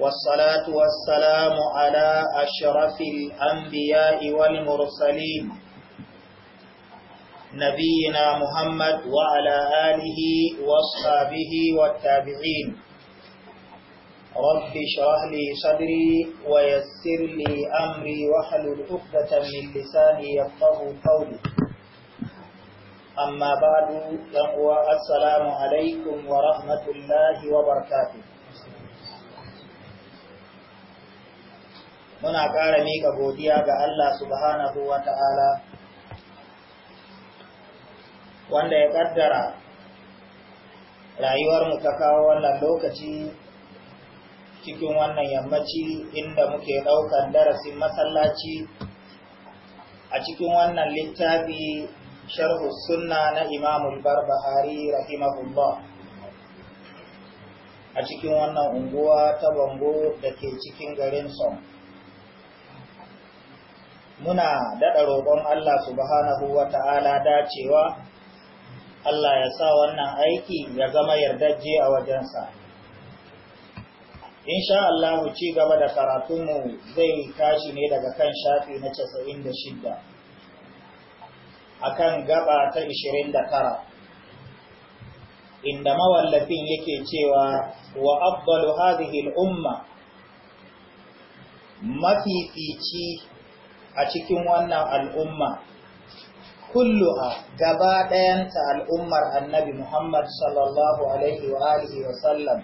والصلاة والسلام على أشرف الأنبياء والمرسلين نبينا محمد وعلى آله وصحبه والتابعين رب شرح لي صدري ويسر لي أمري واحلل عقدة من لساني يفقه قولي أما بعد يقوى السلام عليكم ورحمة الله وبركاته muna ƙara miƙa godiya ga Allah subhanahu wa ta'ala wanda ya ƙaddara rayuwarmu ta kawo wannan lokaci cikin wannan yammaci inda muke ɗaukan darasin masallaci a cikin wannan littafi sharhu sunna na imamul barbahari rahimahullah a cikin wannan unguwa ta bango da ke cikin garin son. muna daɗa roƙon Allah subhanahu wa ta'ala dacewa, Allah ya sa wannan aiki ya zama yardajje a wajensa. In sha Allah ci gaba da karatunmu zai tashi ne daga kan shafi na 96 a kan gaba ta 29, inda mawallafin yake cewa wa abbalu hadhihi Umma. mafifici a cikin wannan al'umma kullu a gaba ɗayanta al'ummar annabi Muhammad sallallahu alaihi wa alihi wa sallam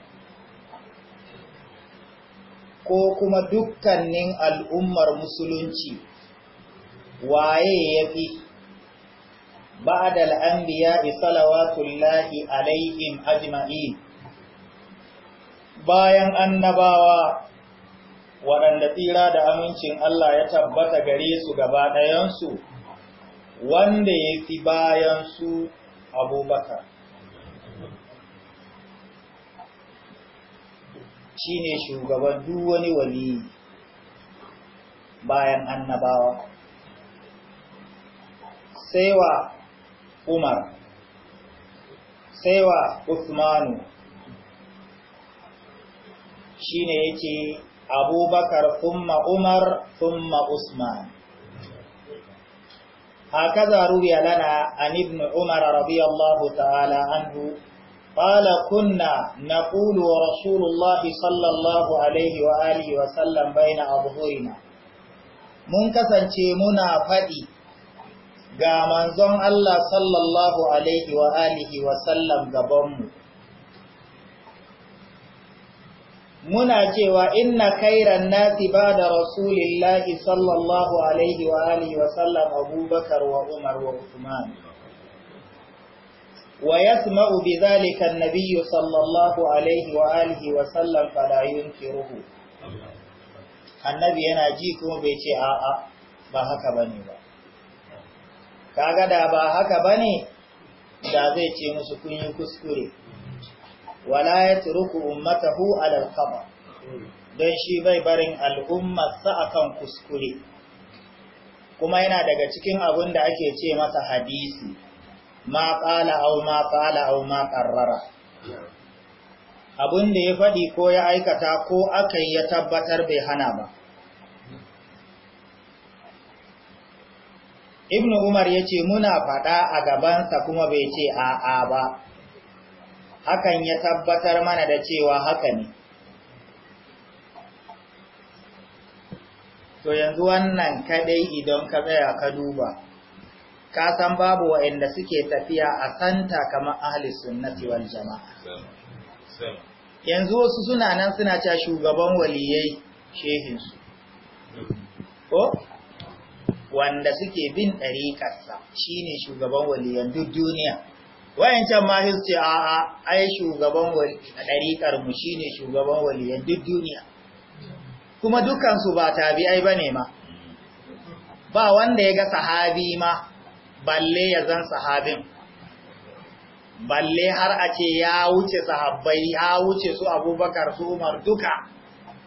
ko kuma dukkanin al'ummar musulunci waye ya fi بعد الأنبياء صلوات الله عليهم أجمعين bayan annabawa waɗanda tsira da amincin Allah ya tabbata gare su gaba ɗayansu wanda ya fi bayan su abubakar shi ne shugaban wani wali bayan annabawa sai wa umar sai wa usmanu shi ne yake abubakar thumma umar thumma usman هكذا روي لنا عن ابن عمر رضي الله تعالى عنه قال كنا نقول ورسول الله صلى الله عليه وآله وسلم بين أظهرنا mun kasance muna faɗi ga manzon Allah sallallahu alaihi wa wa sallam gabanmu muna cewa inna khairan nasi ba da rasulillahi sallallahu alaihi wa alihi wa sallam abubakar wa umar wa Usman, wa yasma'u bi dhalika an-nabiy sallallahu alaihi wa alihi wa sallam fala yunkiruhu annabi yana ji kuma bai ce a'a ba haka bane ba kaga da ba haka bane da zai ce musu kun yi kuskure wala yatruku ummatahu ala al don shi bai barin al'ummarsa akan kuskure kuma yana daga cikin abin da ake ce masa hadisi ma qala aw ma qala aw ma qarrara abin da ya faɗi ko ya aikata ko aka yi ya tabbatar bai hana ba. Ibnu Umar ya ce muna faɗa a gabansa kuma bai ce a'a ba, hakan ya tabbatar mana da cewa haka ne to yanzu wannan kadai idan ka tsaya ka duba ka san babu wa’inda suke tafiya a santa kamar ahli sunnati jama'a yanzu wasu suna nan suna cewa shugaban waliyai shehinsu, ko wanda suke bin ɗari ƙasa, shi ne shugaban waliyan duk duniya wayancan ma su ce a'a ai shugaban wali a ɗariƙar mu shine shugaban waliyan duk duniya kuma dukansu ba tabi'ai bane ma ba wanda ya ga sahabi ma balle ya zan sahabin balle har a ce ya wuce sahabbai ya wuce su abubakar su umar duka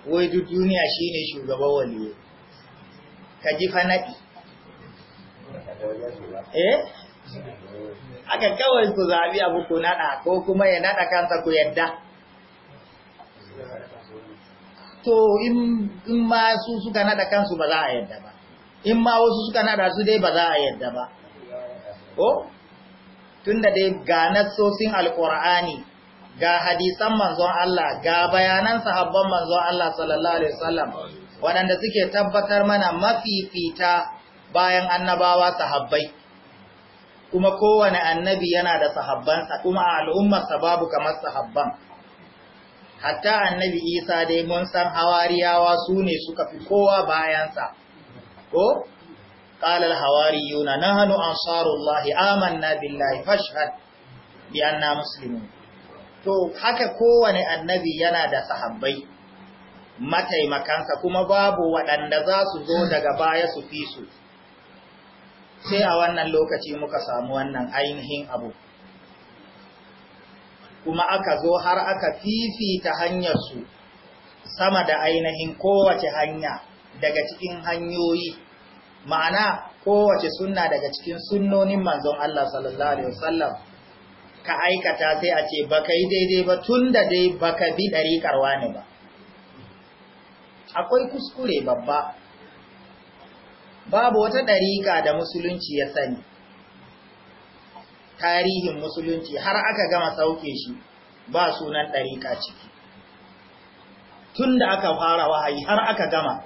wai duk duniya shine shugaban waliyo ka ji fa naɗi eh haka kawai ku zaɓi abu ku naɗa ko kuma ya naɗa kansa ku yadda to in ma su suka naɗa kansu ba za a yadda ba in ma wasu suka naɗa su dai ba za a yadda ba ko tunda dai ga nassosin alƙur'ani ga hadisan manzon Allah ga bayanan sahabban manzon Allah sallallahu alaihi wasallam waɗanda suke tabbatar mana mafifita bayan annabawa sahabbai kuma kowane annabi yana da sahabbansa kuma al'ummarsa babu kamar sahabban hatta annabi isa dai mun san hawariyawa su ne suka fi kowa bayansa ko ƙalar hawariyuna na hannu an aman na billahi fashad bi musulmi to haka kowane annabi yana da sahabbai mataimakansa kuma babu waɗanda za su zo daga baya su fi su sai a wannan lokaci muka samu wannan ainihin abu kuma aka zo har aka fifita su sama da ainihin kowace hanya daga cikin hanyoyi ma'ana kowace sunna daga cikin sunnonin manzon Allah sallallahu alaihi wasallam ka aikata sai a ce baka yi daidai ba tunda dai baka bi dariƙar wani ba akwai kuskure babba babu wata ɗariƙa da musulunci ya sani tarihin musulunci har aka gama sauke shi ba sunan ɗariƙa ciki tun da aka fara wahayi har aka gama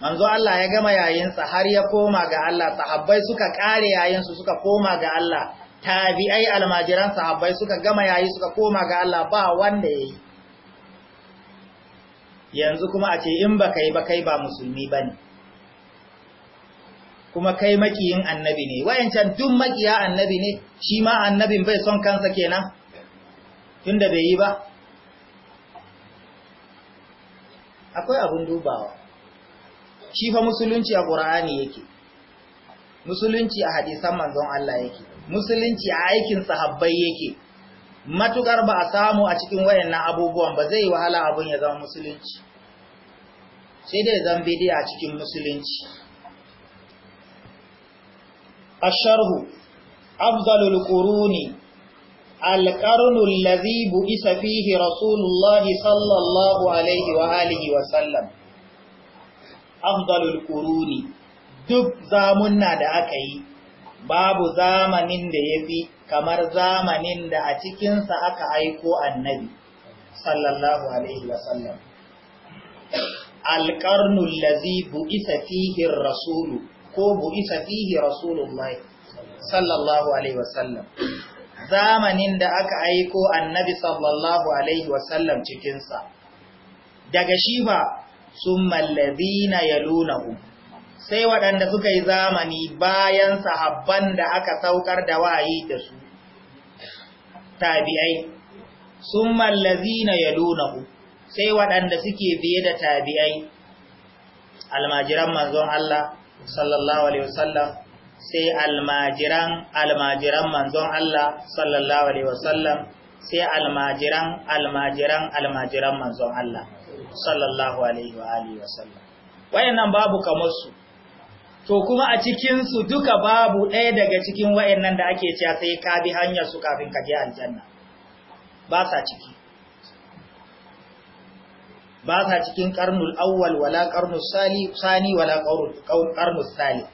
manzo Allah ya gama yayinsa har ya koma ga Allah sahabbai suka ƙare yayinsu suka koma ga Allah tabi'ai almajiran sahabbai suka gama yayi suka koma ga Allah ba wanda yayi yanzu kuma a ce in baka yi ba kai ba musulmi bane kuma kai makiyin annabi ne wayancan duk makiya annabi ne shi ma annabin bai son kansa kenan tunda bai yi ba akwai abin dubawa shi fa musulunci a qur'ani yake musulunci a hadisan manzon Allah yake musulunci a aikin sahabbai yake matukar ba a samu a cikin wayannan abubuwan ba zai yi wahala abun ya zama musulunci sai dai zan bidiya cikin musulunci asharhu afdalul quruni alqarnul ladhi bu'isa fihi rasulullah sallallahu alaihi wa wa sallam afdalul quruni duk zamunna da aka yi babu zamanin da ya fi, kamar zamanin da a cikinsa aka aiko annabi sallallahu alaihi wa sallam alqarnul ladhi bu'isa rasulu ko bu'isa fihi rasulullahi sallallahu alaihi wasallam zamanin da aka aiko annabi sallallahu alaihi wasallam cikinsa daga shi ba sun mallazina yalunahu sai waɗanda suka yi zamani bayan sahabban da aka saukar da wayi da su tabi'ai sun mallazina yalunahu sai waɗanda suke biye da tabi'ai almajiran manzon Allah sallallahu alaihi wasallam sai almajiran almajiran manzon Allah sallallahu alaihi wasallam sai almajiran almajiran almajiran manzon Allah sallallahu alaihi wa alihi wasallam wayannan babu kamar su to kuma a cikin su duka babu ɗaya daga cikin wayannan da ake cewa sai ka bi hanyar su kafin ka je aljanna ba sa ciki ba sa cikin karnul awwal wala karnul sani wala karnul sali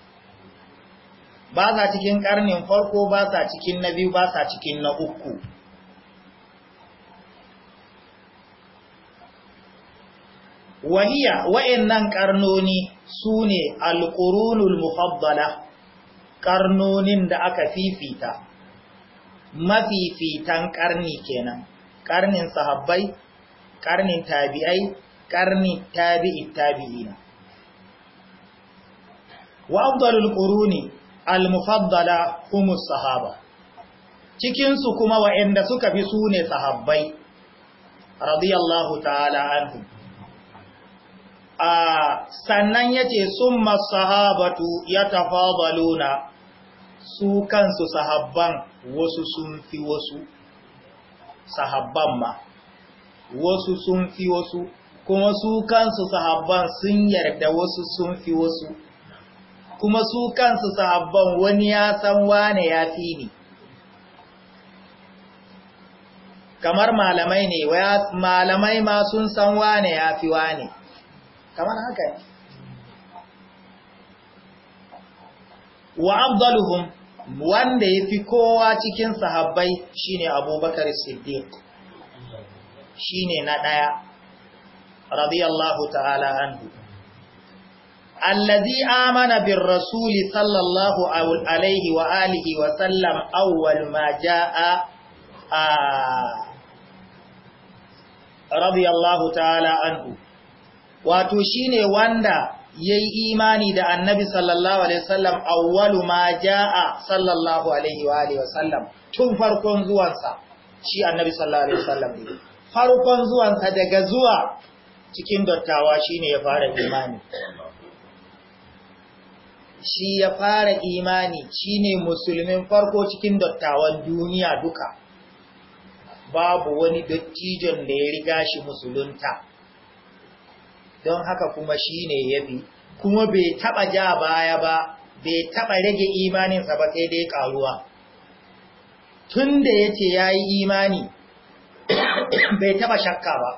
ba sa cikin karnin farko ba sa cikin na biyu ba sa cikin na uku wahiya wa'annan karnoni su ne alƙurunul mufaddala karnonin da aka fifita mafifitan karni kenan karnin sahabbai ƙarnin tabi'ai ƙarnin tabi'i tabi'ina wa afdalul ƙuruni al mufaddala humus sahaba Cikinsu kuma waɗanda suka fi sune sahabbai radiyallahu ta'ala anhu a sannan sun summa sahabatu yatafadaluna su kansu sahabban wasu sun fi wasu sahabban ma wasu sun fi wasu kuma su kansu sahabban sun yarda wasu sun fi wasu kuma su kansu sahabban wani ya san wane ya fi ni kamar malamai ne malamai ma sun san wane ya fi wane kamar haka ne wa abdaluhum wanda ya fi kowa cikin sahabbai shine abubakar siddiq shine na ɗaya radiyallahu ta'ala anhu allazi amana bin rasuli sallallahu alaihi wa alihi wa sallam awwal ma jaa radiyallahu ta'ala anhu wato shine wanda ya yi imani da annabi sallallahu alaihi wasallam awwalu ma jaa sallallahu alaihi wa alihi wasallam tun farkon zuwansa shi annabi sallallahu alaihi wasallam ne farkon zuwansa daga zuwa cikin dattawa shine ya fara imani shi ya fara imani shi ne musulmin farko cikin dattawan duniya duka babu wani dattijon da ya riga shi musulunta don haka kuma shi ne ya bi kuma bai taba ja baya ba bai taba rage imaninsa ba sai dai karuwa tun da ya yi imani bai taba shakka ba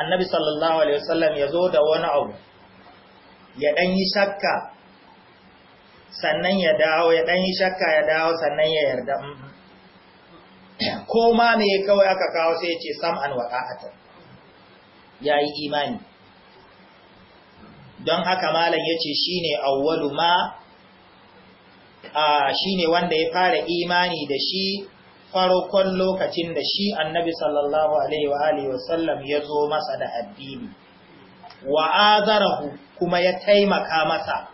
annabi sallallahu alaihi wasallam ya zo da wani abu ya dan yi shakka sannan ya dawo ya dan yi shakka ya dawo sannan ya yarda ko ma ne kawai aka kawo sai ya ce sam'an ya yayi imani don haka malam ya yace shine awwalu ma a shine wanda ya fara imani da shi farkon lokacin da shi annabi sallallahu alaihi wa alihi sallam ya zo masa da addini wa azarahu kuma ya taimaka masa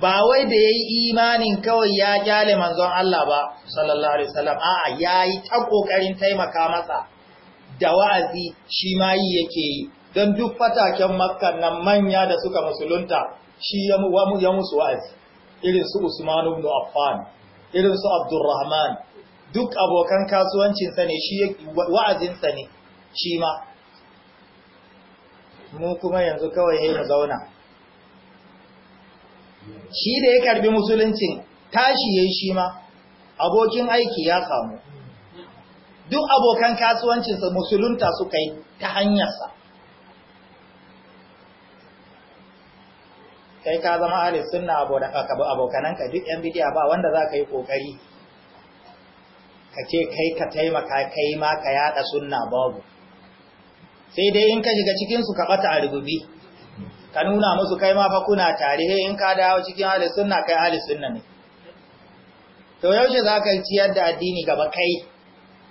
ba wai da yayi imanin kawai ya kyale manzon Allah ba sallallahu alaihi wasallam a'a yayi ta kokarin taimaka masa da wa'azi shi ma yi yake yi don duk fataken makka nan manya da suka musulunta shi ya musu wa'azi irin su Usman ibn Affan irin su Abdurrahman duk abokan kasuwancinsa ne shi wa'azinsa ne shi ma mu kuma yanzu kawai ya mu zauna shi da ya karbi musuluncin tashi ya shi ma abokin aiki ya samu duk abokan kasuwancinsa musulunta suka yi ta hanyarsa kai ka zama alis suna abokananka duk yan bidiya ba wanda za ka yi kokari ka ce kai ka taimaka kai ma ka yada sunna babu sai dai in ka shiga cikinsu ka bata a rububi ka nuna musu kai ma fa kuna tare in ka dawo cikin ahli sunna kai ahli sunna ne to yaushe za ka ciyar da addini gaba kai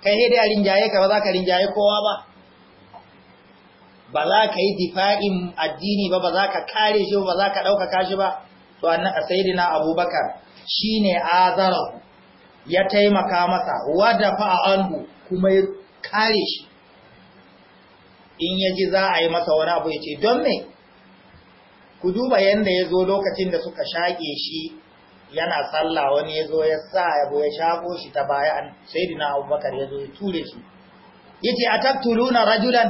kai dai a rinjaye ka ba za ka rinjaye kowa ba ba za ka yi difa'in addini ba ba za ka kare shi ba za ka ɗaukaka shi ba to annan sayyidina abubakar shine azara ya taimaka masa wadda fa’a fa'anhu kuma ya kare shi in ya ji za a yi masa wani abu ya ce don me ku duba yadda ya zo lokacin da suka shaƙe shi yana sallah wani ya zo ya sa abu ya shafo shi ta baya an sai dina abubakar ya zo ya ture shi ya ce a na rajulan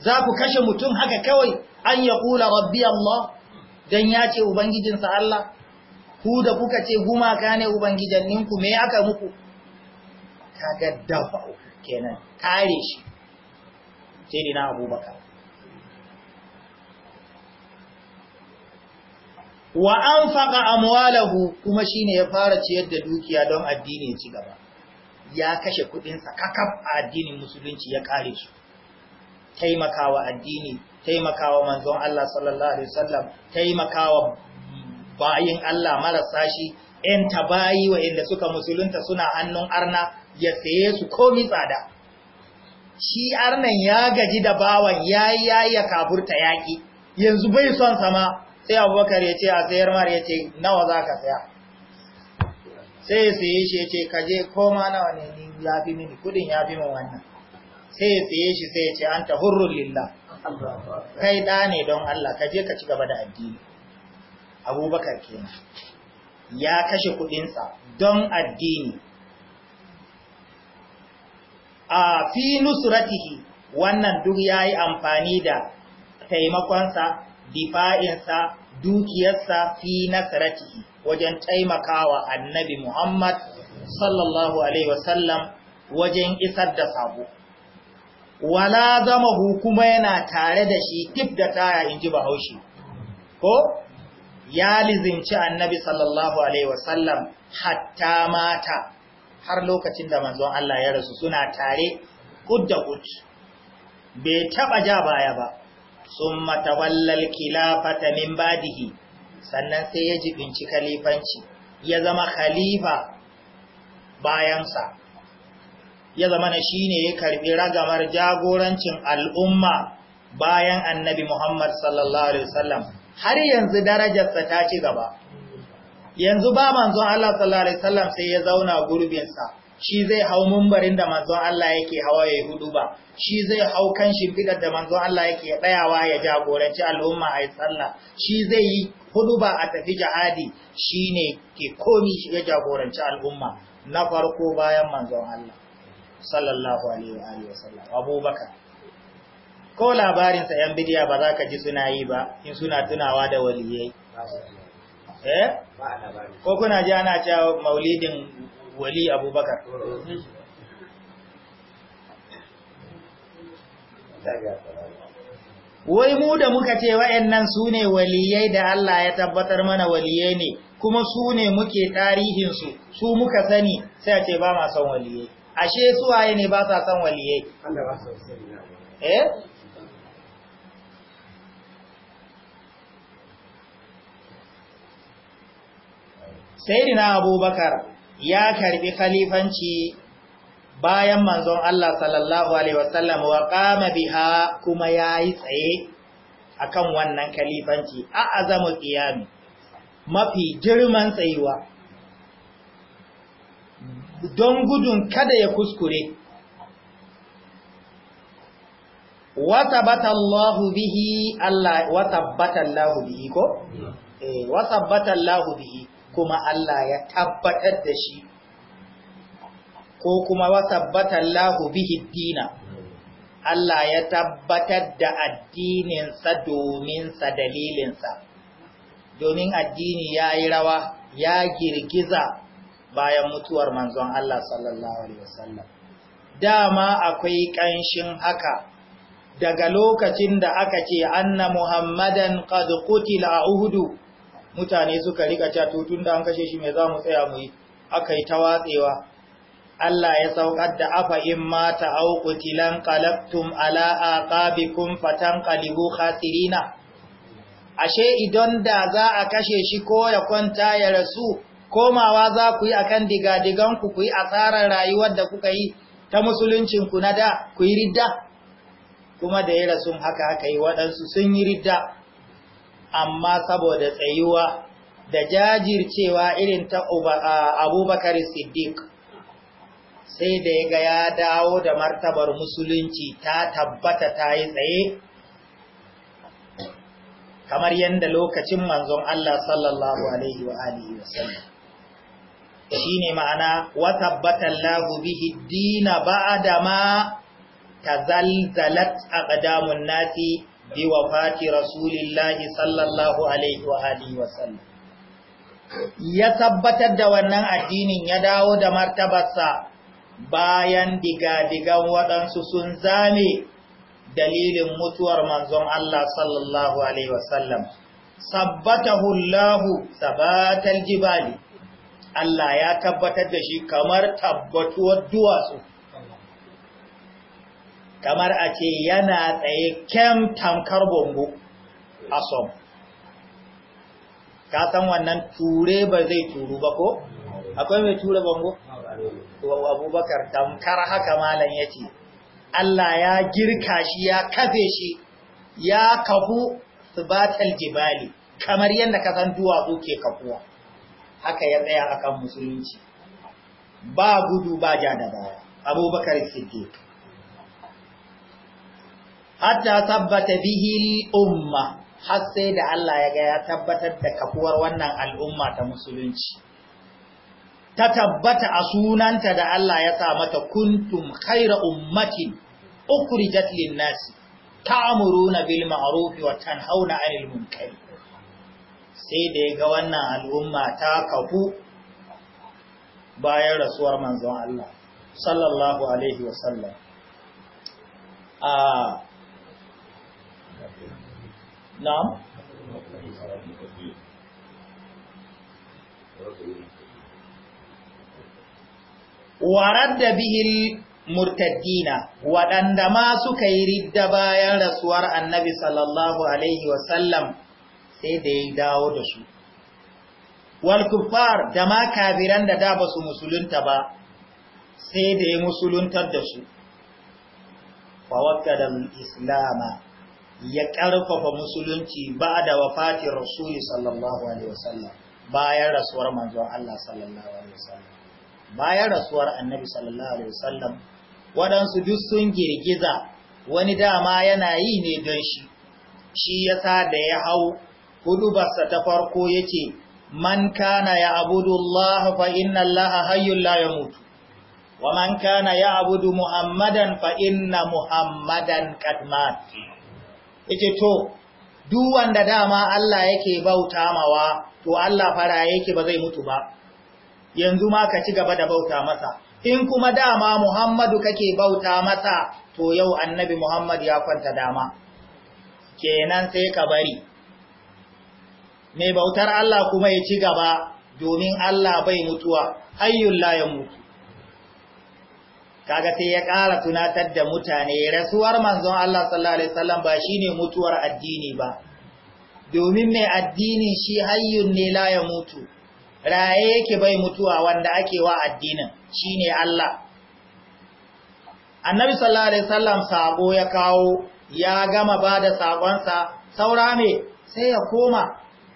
za ku kashe mutum haka kawai an ya ƙula rabbi Allah don ya ce ubangijinsa Allah ku da kuka ce gumaka ne ubangijanninku me aka muku kaga dafa kenan kare shi sai na abubakar wa an amwalahu kuma shine ya fara ciyar da dukiya don addini ya ci gaba ya kashe kuɗinsa kakaf a addinin musulunci ya kare su taimakawa addini taimakawa manzon Allah sallallahu alaihi wasallam taimakawa bayin Allah marasa shi ‘yan tabayi wa'inda suka musulunta suna hannun arna ya saye su komi tsada. Shi arnan ya gaji da bawan ya yi ya kaburta yaƙi, yanzu bai son sama sai abubakar ya ce a sayar mara ya ce nawa za ka saya. Sai ya saye shi ya ce kaje koma nawa ne ya fi mini kudin ya fi min wannan. Sai ya saye shi sai ya ce an ta hurrun lilla Kai ɗa ne don Allah kaje ka ci gaba da addini. abubakar kenan ya kashe kudinsa don addini a fi nusratihi wannan duk ya yi amfani da taimakonsa difa'insa dukiyarsa fi nasaratihi wajen taimakawa annabi Muhammad sallallahu Alaihi wasallam wajen isar da sabo. Wala zama hukuma yana tare da shi tif da taya in ji bahaushe, ko ya lizinci annabi sallallahu alaihi wasallam hatta mata har lokacin da manzon Allah ya rasu suna tare kudda hud bai taba ja baya ba summa tawallal khilafata min badihi sannan sai ya jibinci kalifanci, ya zama khalifa bayansa ya zama na shine ya karbi ragamar jagorancin al'umma bayan annabi Muhammad sallallahu alaihi wasallam har yanzu darajarsa ta ci gaba yanzu ba manzon Allah sallallahu alaihi wasallam sai ya zauna gurbinsa shi zai hau mumbarin da manzon Allah yake hawa ya hudu ba shi zai hau kan shimfidar da manzon Allah yake tsayawa ya jagoranci al'umma a sallah shi zai yi hudu ba a tafi jihadi shine ke komi shi ya jagoranci al'umma na farko bayan manzon Allah sallallahu alaihi wa alihi wasallam abubakar ko labarinsa ‘yan bidiya ba za ka ji suna yi ba in suna tunawa da waliyai. Eh? Ko kuna ji ana cewa maulidin wali abubakar. Wai mu da muka ce wa'yannan su ne waliyai da Allah ya tabbatar mana waliyai ne, kuma su ne muke tarihinsu, su muka sani sai a ce ba ma son waliyai. Ashe suwaye ne ba sa son waliyai? Eh? sayyidina abubakar ya karbi khalifanci bayan manzon Allah sallallahu alaihi wasallam wa qama biha kuma yayi tsaye akan wannan khalifanci a azamu qiyami mafi girman tsayuwa don gudun kada ya kuskure watabatallahu bihi Allah bihi ko hmm. eh Allah bihi kuma Allah ya tabbatar da shi ko kuma wa tabbata Allahu bihi dina Allah ya tabbatar da addininsa domin dalilinsa domin addini ya yi rawa ya girgiza bayan mutuwar manzon Allah sallallahu alaihi wasallam dama akwai ƙanshin haka daga lokacin da aka ce anna muhammadan qad qutila a uhudu mutane suka rika ca tutun da an kashe shi mai za mu tsaya mu yi akai ta watsewa Allah ya saukar da afa in mata au alaa qalabtum ala aqabikum kalibu khasirina ashe idan da za a kashe shi ko ya kwanta ya rasu komawa za ku yi akan digadigan ku ku yi asarar rayuwar da kuka yi ta musuluncin ku na da ku yi ridda kuma da ya rasu haka haka yi waɗansu sun yi ridda amma saboda tsayuwa da jajircewa irin ta abubakar siddiq sai da ya ga ya dawo da martabar musulunci ta tabbata ta yi tsaye kamar yadda lokacin manzon Allah sallallahu alaihi wa alihi wasallam shine ma'ana wa tabbata Allahu bihi dina ba'da ma tazalzalat aqdamun nasi bi Fati rasulillahi sallallahu alaihi wa alihi wa sallam ya tabbatar da wannan addinin ya dawo da martabarsa bayan diga-digan waɗansu sun zame dalilin mutuwar manzon Allah sallallahu alaihi sallam. sabbatahu Allahu sabatal jibali Allah ya tabbatar da shi kamar tabbatuwar duwatsu kamar a ce yana tsaye kyan tamkar bongo a som ka san wannan ture ba zai turu ba ko akwai mai ture bongo abubakar tamkar haka malam ya ce Allah ya girka shi ya kafe shi ya kafu subatal jibali kamar yadda ka san duwatsu ke kafuwa haka ya tsaya akan musulunci ba gudu ba ja da baya abubakar siddiq hatta tabbata bihi umma har sai da Allah ya ga ya tabbatar da kafuwar wannan al'umma ta musulunci ta tabbata a sunanta da Allah ya sa mata kuntum khaira ummatin ukhrijat lin-nas ta'muruna bil ma'ruf wa tanhauna 'anil munkar sai da ya ga wannan al'umma ta kafu bayan rasuwar manzon Allah sallallahu alaihi wa a نعم ورد به المرتدين waɗanda ma suka yi ridda bayan rasuwar annabi sallallahu sai da ya dawo da su wal da ma kafiran da da basu su musulunta ba sai da ya musuluntar da su fawakkadal islama ya ƙarfafa musulunci ba da wafati rasuli sallallahu alaihi wasallam bayan rasuwar manzon Allah sallallahu alaihi wasallam bayan rasuwar annabi sallallahu alaihi wasallam waɗansu duk sun girgiza wani dama yana yi ne don shi shi yasa da ya hau basa ta farko yace man kana ya abudu Allah fa inna Allah hayyul la yamut wa man kana ya abudu Muhammadan fa inna Muhammadan qad mat yake to duk wanda dama Allah yake bauta mawa to Allah fara yake ba zai mutu ba yanzu ma ka ci gaba da bauta masa in kuma dama Muhammadu kake bauta masa to yau annabi Muhammad ya kwanta dama kenan sai ka bari mai bautar Allah kuma ya ci gaba domin Allah bai mutuwa hayyul la yamutu kaga sai ya ƙara tunatar da mutane rasuwar manzon Allah sallallahu alaihi wasallam ba shine mutuwar addini ba domin mai addini shi hayyun ne la ya mutu raye yake bai mutuwa wanda ake wa addinin shine Allah annabi sallallahu alaihi wasallam sabo ya kawo ya gama bada sakonsa saura me sai ya koma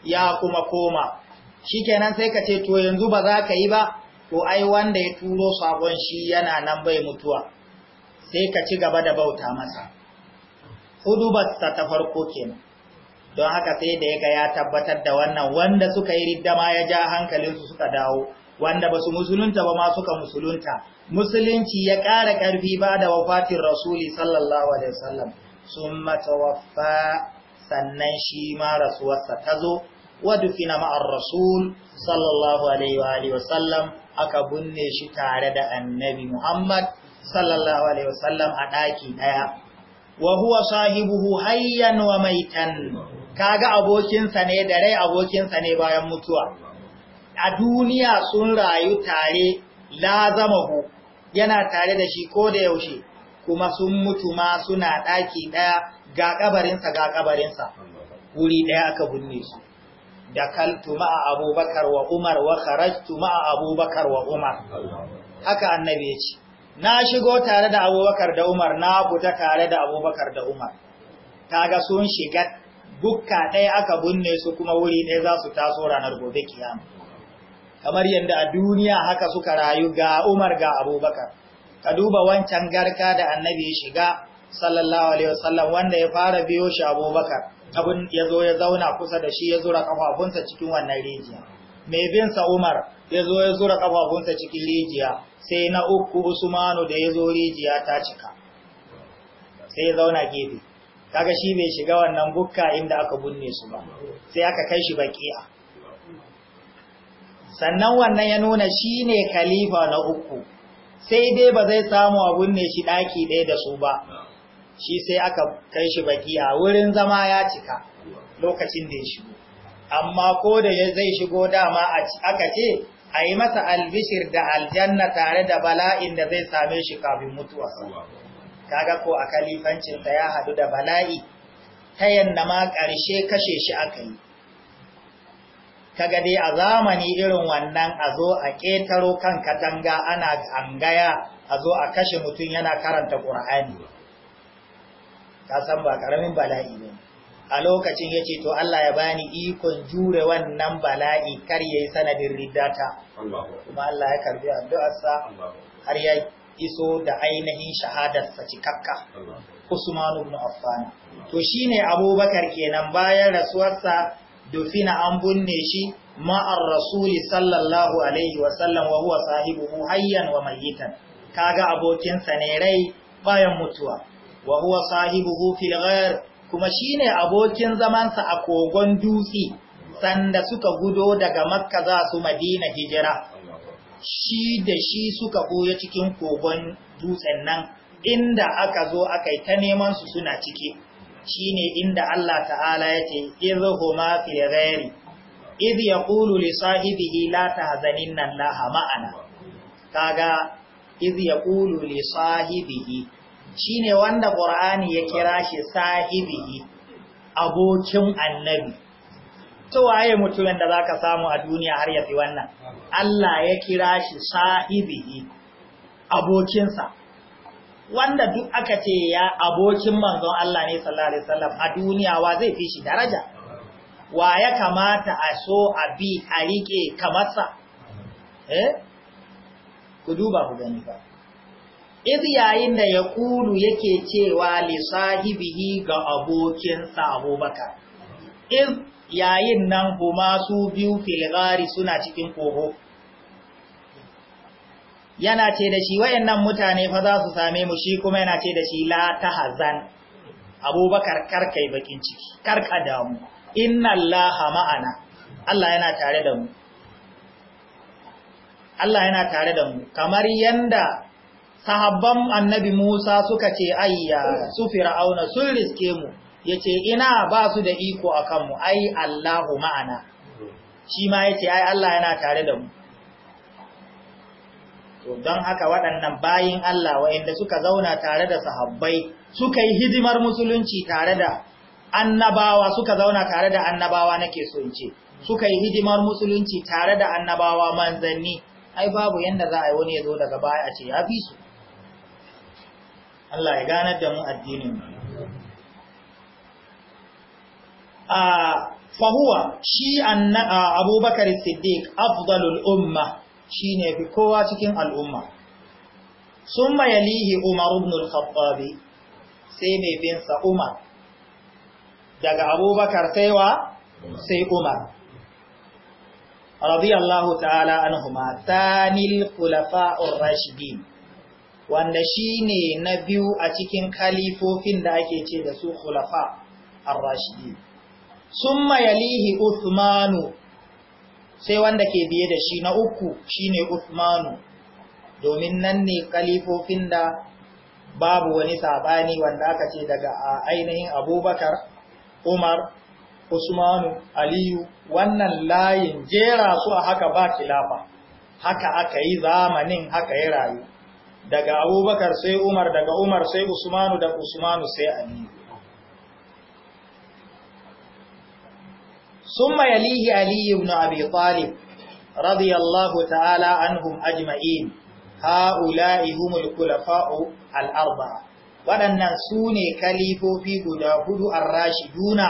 ya kuma koma shikenan sai ka ce to yanzu ba za ka yi ba to ai wanda ya turo sabon shi yana nan bai mutuwa sai ka ci gaba da bauta masa hudubat ta farko kenan don haka sai da ya ga ya tabbatar da wannan wanda suka yi riddama ya ja hankalinsu suka dawo wanda basu musulunta ba ma suka musulunta musulunci ya ƙara ƙarfi ba da wafatin rasuli sallallahu alaihi wasallam summa tawaffa sannan shi ma rasuwarsa ta zo wadufina ma'ar rasul sallallahu alaihi wasallam aka binne shi tare da annabi Muhammad sallallahu alaihi wasallam a ɗaki ɗaya wa huwa sahibuhu hayyan wa maitan kaga abokinsa ne da rai abokinsa ne bayan mutuwa a duniya sun rayu tare lazamahu yana tare da shi ko da yaushe kuma sun mutu ma suna ɗaki ɗaya ga ƙabarinsa ga ƙabarinsa wuri ɗaya aka binne su dakaltu ma'a abubakar wa umar wa kharajtu ma'a abubakar wa umar haka annabi ya ce na shigo tare da abubakar da umar na fita tare da abubakar da umar kaga sun shiga bukka ɗaya aka binne su kuma wuri ɗaya za su taso ranar gobe kiyama kamar yadda a duniya haka suka rayu ga umar ga abubakar ka duba wancan garka da annabi ya shiga sallallahu alaihi wasallam wanda ya fara biyo shi abubakar abin ya zo ya zauna kusa da shi ya zura kafafunsa cikin wannan rijiya mai bin Umar ya zo ya zura kafafunsa cikin rijiya sai na uku Usmanu da ya zo rijiya ta cika sai ya zauna gefe kaga shi bai shiga wannan bukka inda aka bunne su ba sai aka kai shi baqiya sannan wannan ya nuna shine ne khalifa na uku sai dai ba zai samu a bunne shi ɗaki ɗaya da su ba shi sai aka kai shi baki a wurin zama ya cika lokacin da ya shigo amma ko da ya zai shigo dama aka ce a yi masa albishir da aljanna tare da bala'in da zai same shi kafin mutuwa kaga ko a kalifancinsa ya hadu da bala'i ta yanna ma ƙarshe kashe shi aka yi kaga dai a zamani irin wannan a zo a ƙetaro kan katanga ana angaya a zo a kashe mutum yana karanta ƙur'ani ka san ba karamin bala'i ne a lokacin ya ce to Allah ya bani ikon jure wannan bala'i kar ya yi sanadin riddata kuma Allah ya karbi addu'arsa har ya iso da ainihin shahadarsa cikakka Usman ibn Affan to shine Abubakar kenan bayan rasuwarsa dufina an bunne shi ma'ar rasuli sallallahu alaihi wa sallam, wa huwa sahibuhu hayyan wa mayyitan kaga abokinsa ne rai bayan mutuwa wa huwa sahibuhu fil ghair kuma shine abokin zamansa a kogon dutsi sanda suka gudo daga makka za su madina hijira shi da shi suka koya cikin kogon dutsen nan inda aka zo aka yi ta neman su suna ciki shine inda Allah ta'ala ya ce izhuma fi ghairi idh yaqulu li sahibihi la tahzaninna la ma'ana kaga idh yaqulu li sahibihi shine wanda Qur'ani ya kira shi sahibi abokin annabi to waye mutumin da zaka samu a duniya har ya fi wannan Allah ya kira shi sahibi abokinsa wanda duk aka ce ya abokin manzon Allah ne sallallahu alaihi wasallam a duniya wa zai fi shi daraja wa ya kamata a so a bi a rike kamar sa eh ku duba ku gani ba iz yayin da ya kulu yake cewa sahibihi ga abokinsa abubakar iz yayin nan huma su biyu filgari suna cikin koho yana ce da shi wayannan mutane fa za su same mu shi kuma yana ce da shi la tahzan abubakar karkai bakin ciki karka damu inna allaha ma'ana Allah yana tare da mu Allah yana tare da mu kamar yanda sahabban annabi Musa suka ce ayya su fir'auna sun riske mu yace ina ba su da iko akan mu ai Allahu ma'ana shi ma yace ai Allah yana tare da mu to don haka waɗannan bayin Allah waɗanda suka zauna tare da sahabbai suka yi hidimar musulunci tare da annabawa suka zauna tare da annabawa nake so in ce suka yi hidimar musulunci tare da annabawa manzanni ai babu yanda za a yi wani ya zo daga baya a ce ya fi su Allah ya ganar da mu addinin a fahuwa shi abubakar siddiq afdalul umma shine fi kowa cikin al'umma sun mayalihi umar ibn al sai mai binsa umar daga abubakar saiwa sai umar radiyallahu ta'ala anhuma tanil khulafa'ur rashidin wanda shi ne na biyu a cikin kalifofin da ake ce da su khulafa ar-rashidi sun mayalihi uthmanu sai wanda ke biye da shi na uku shi ne uthmanu domin nan ne kalifofin da babu wani sabani wanda aka ce daga ainihin abubakar umar usmanu aliyu wannan layin jera su a haka ba kilafa haka aka yi zamanin haka ya rayu daga abubakar sai umar daga umar sai usmanu da usmanu sai aliyu summa yalihi aliyu ibn abi talib radiyallahu ta'ala anhum ajma'in ha'ula'i humul kulafa'u al-arba'a waɗannan su ne kalifofi guda hudu ar-rashiduna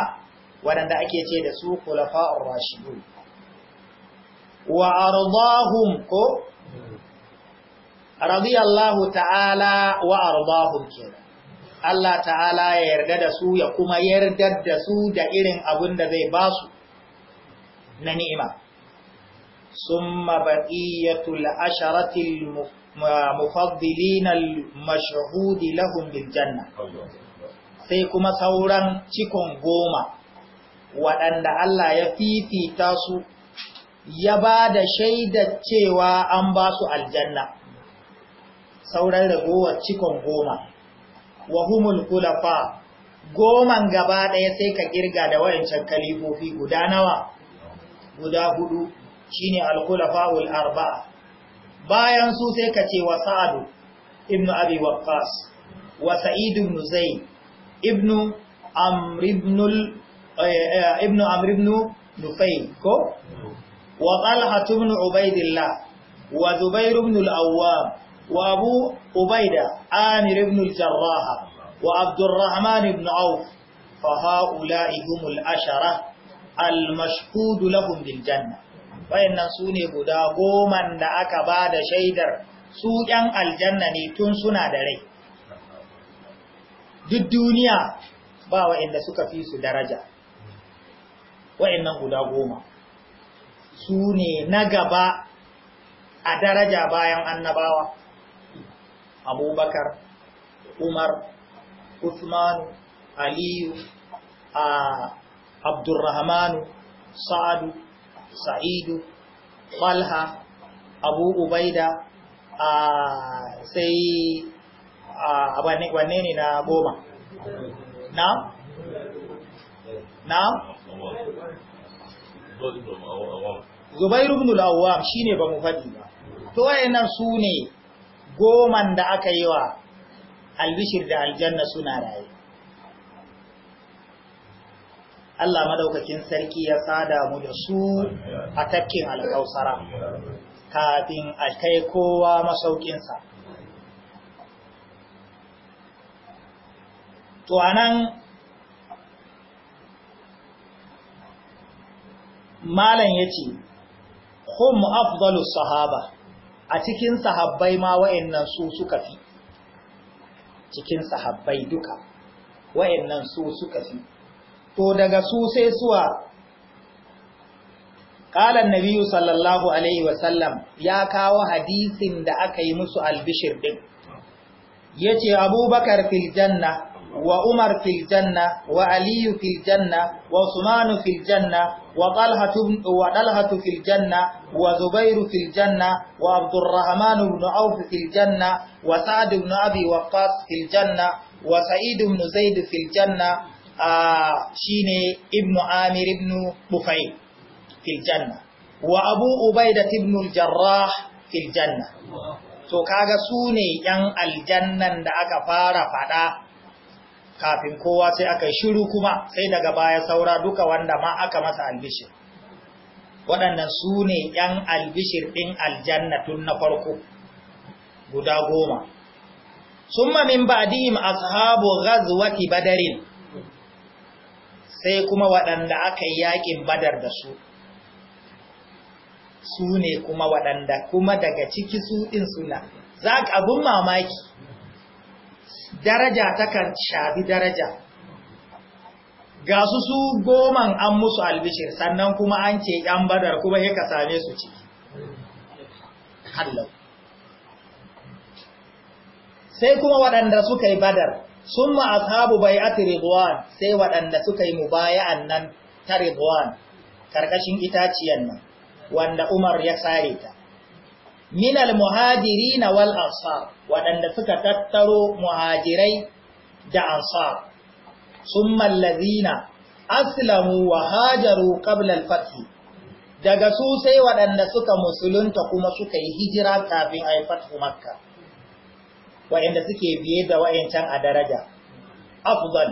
waɗanda ake ce da su kulafa'ur rashidun wa arzahum ko radiyallahu ta'ala wa arbahum kenan Allah ta'ala ya yarda da su ya kuma yarda da su da irin abin da zai ba su na ni'ima summa baqiyatul asharatil mufaddilin al mashhud lahum bil janna sai kuma sauran cikon goma waɗanda Allah ya fifita su ya ba da shaidar cewa an ba su aljanna sauran ragowar cikon goma wa humul kulafa goman gaba ɗaya sai ka kirga da wayancan kalifofi guda nawa guda hudu shine al-khulafa'ul arba'a bayan su sai ka ce wa sa'adu ibnu abi waqqas wa sa'id ibn ibnu ibn ibnu amr ibn eh, eh, ko wa talha ibn ubaidillah wa zubair ibn al وابو عبيده عامر بن الجراح وعبد الرحمن بن عوف فهؤلاء هم العشره المشهود لهم بالجنه فان سوني غدا غومن دا اكا بادا شيدر su yan aljanna ne tun suna da rai duk duniya ba wa'inda suka fi su daraja wa'innan guda goma sune na gaba a daraja bayan annabawa abubakar umar usmanu aliyu abdurrahmanu sa'adu sa'idu falha abu ubaida sai wanne ne na goma na? na? zubairu ibn al-awwam shine ba mu faɗi ba to wayannan su ne goman da aka yi wa albishir da aljanna suna raye Allah madaukakin sarki ya sada mu da su a tafkin alkausara kafin a kai kowa masaukinsa to anan malam yace hum afdalu sahaba a cikin sahabbai ma nan su suka fi cikin sahabbai duka nan su suka fi to daga su sai suwa qala Nabiyu sallallahu alaihi wasallam ya kawo hadisin da aka yi musu albishir din yace abubakar fil janna wa Umar filjanna, wa Aliyu fil janna wa Usman fil janna wa Talha wa Talha fil wa Zubair fil janna wa Abdurrahman ibn Auf fil wa Sa'd ibn Abi Waqqas wa Sa'id ibn Zaid fil wa Abu Ubaidah ibn al-Jarrah fil to kaga sune yan aljannan da aka fara faɗa. kafin kowa sai aka shiru kuma sai daga baya saura duka wanda ma aka masa albishir waɗannan su ne ‘yan albishir ɗin aljanna tun na farko guda goma sun mamin ba'adihim ashabu ghazwati badarin sai kuma waɗanda aka yi yaƙin badar da su su ne kuma waɗanda kuma daga ciki su ɗin suna za abun mamaki daraja takan shafi daraja ga su su goman an musu albishir sannan kuma an ce yan badar kuma ya ka same su ciki hallau sai kuma waɗanda suka yi badar sun ma'asabu bai a tiriguwan sai waɗanda suka yi mubaya'an nan ta riguwan ƙarƙashin itaciyan nan wanda umar ya sare ta minal muhajiri na wal ansar waɗanda suka tattaro muhajirai da ansar sun mallazina aslamu wa hajaru qablal fathi daga su sai waɗanda suka musulunta kuma suka yi hijira kafin a yi fathu makka waɗanda suke biye da wayancan a daraja afzal,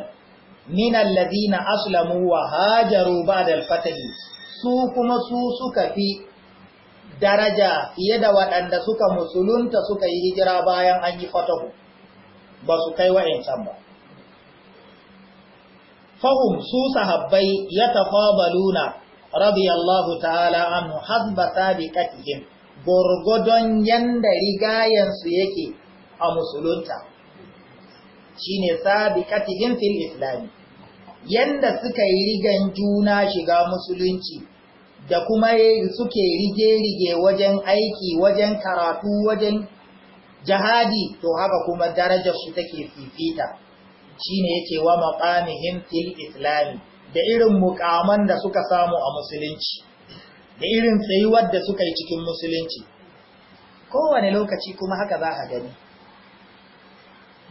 min lazina, aslamu wa hajaru ba'da al su kuma su suka fi daraja fiye da waɗanda suka musulunta suka yi hijira bayan an yi fatahu ba su kai wa'incan ba. Fahim su sahabbai ya tafabaluna Allah ta'ala an hasba sabiqatihim gurgudon yanda rigayensu yake a musulunta shine sabiqatihim fil islami yanda suka yi rigan juna shiga musulunci da kuma suke rige-rige wajen aiki wajen karatu wajen jihadi to haka kuma darajar su take fifita shine yake wa maqamihim fil islam da irin muqaman da suka samu a musulunci da irin tsayuwar da suka yi cikin musulunci kowane lokaci kuma haka za ka gani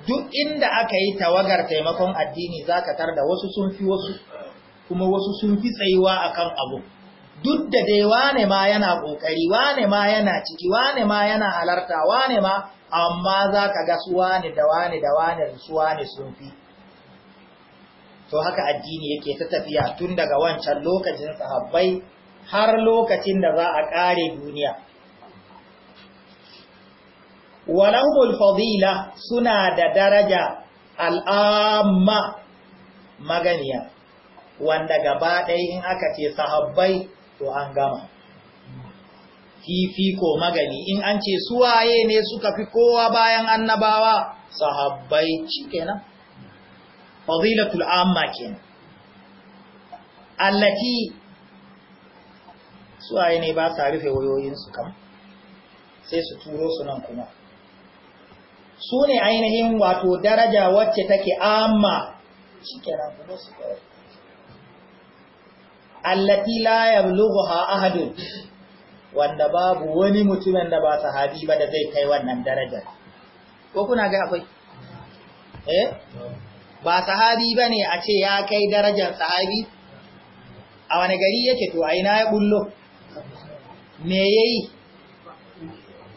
duk inda aka yi tawagar taimakon addini zaka tar da wasu sun fi wasu kuma wasu sun fi tsayuwa akan abu duk da dai wane ma yana ƙoƙari wane ma yana ciki wane ma yana halarta wane ma amma za ka ga su wane da wane da wane su wane sun fi to haka addini yake ta tafiya tun daga wancan lokacin sahabbai har lokacin da za a ƙare duniya walahumul fadila suna da daraja al'amma maganiya wanda gaba ɗaya in aka ce sahabbai to an gama fifiko magani in an ce suwaye ne suka fi kowa bayan annabawa sahabbai kenan fadilatul amma kenan allati suwaye ne ba sa rufe wayoyinsu kam sai su turo su nan kuma su ne ainihin wato daraja wacce take amma shi kenan kuma su kawai allati la yablughuha ahad wanda babu wani mutumin da ba sahabi ba da zai kai wannan darajar ko kuna ga akwai eh ba sahabi bane a ce ya kai darajar sahabi a wani gari yake to a ina ya bullo me yayi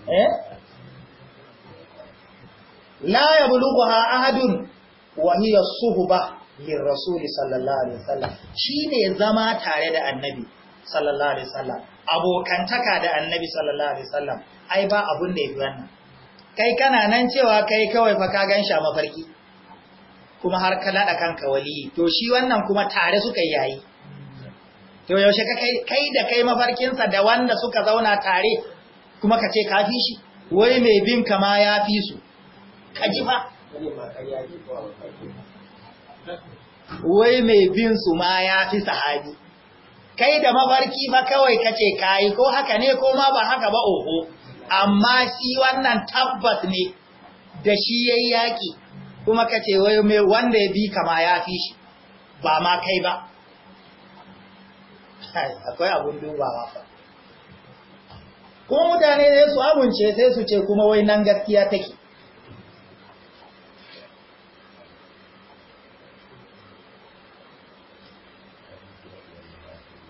eh la yablughuha ahadun wa hiya suhbah lirrasul sallallahu alaihi wasallam shine zama tare da annabi sallallahu alaihi wasallam abokantaka da annabi sallallahu alaihi wasallam ai ba abun da yafi wannan kai kana nan cewa kai kawai fa ka gansha mafarki kuma har ka lada kanka wali to shi wannan kuma tare suka yayi to yaushe ka kai kai da kai mafarkin sa da wanda suka zauna tare kuma ka ce ka fi shi wai mai bin ka ma ya fi su ka ji fa wai mai bin su ma ya fi sahabi kai da mafarki ba kawai kace kai ko haka ne ko ma ba haka ba oho amma shi wannan tabbas ne da shi yayi yaki kuma kace wai mai wanda ya bi kama ya fi shi ba ma kai ba akwai abun ba fa ko mutane ne su abunce sai su ce kuma wai nan gaskiya take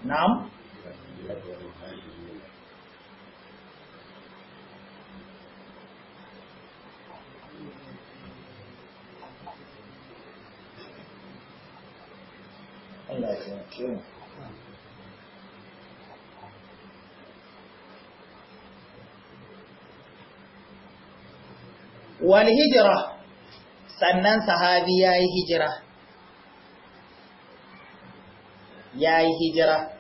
نعم والهجرة سنن صحابي يا هجرة ya yi hijira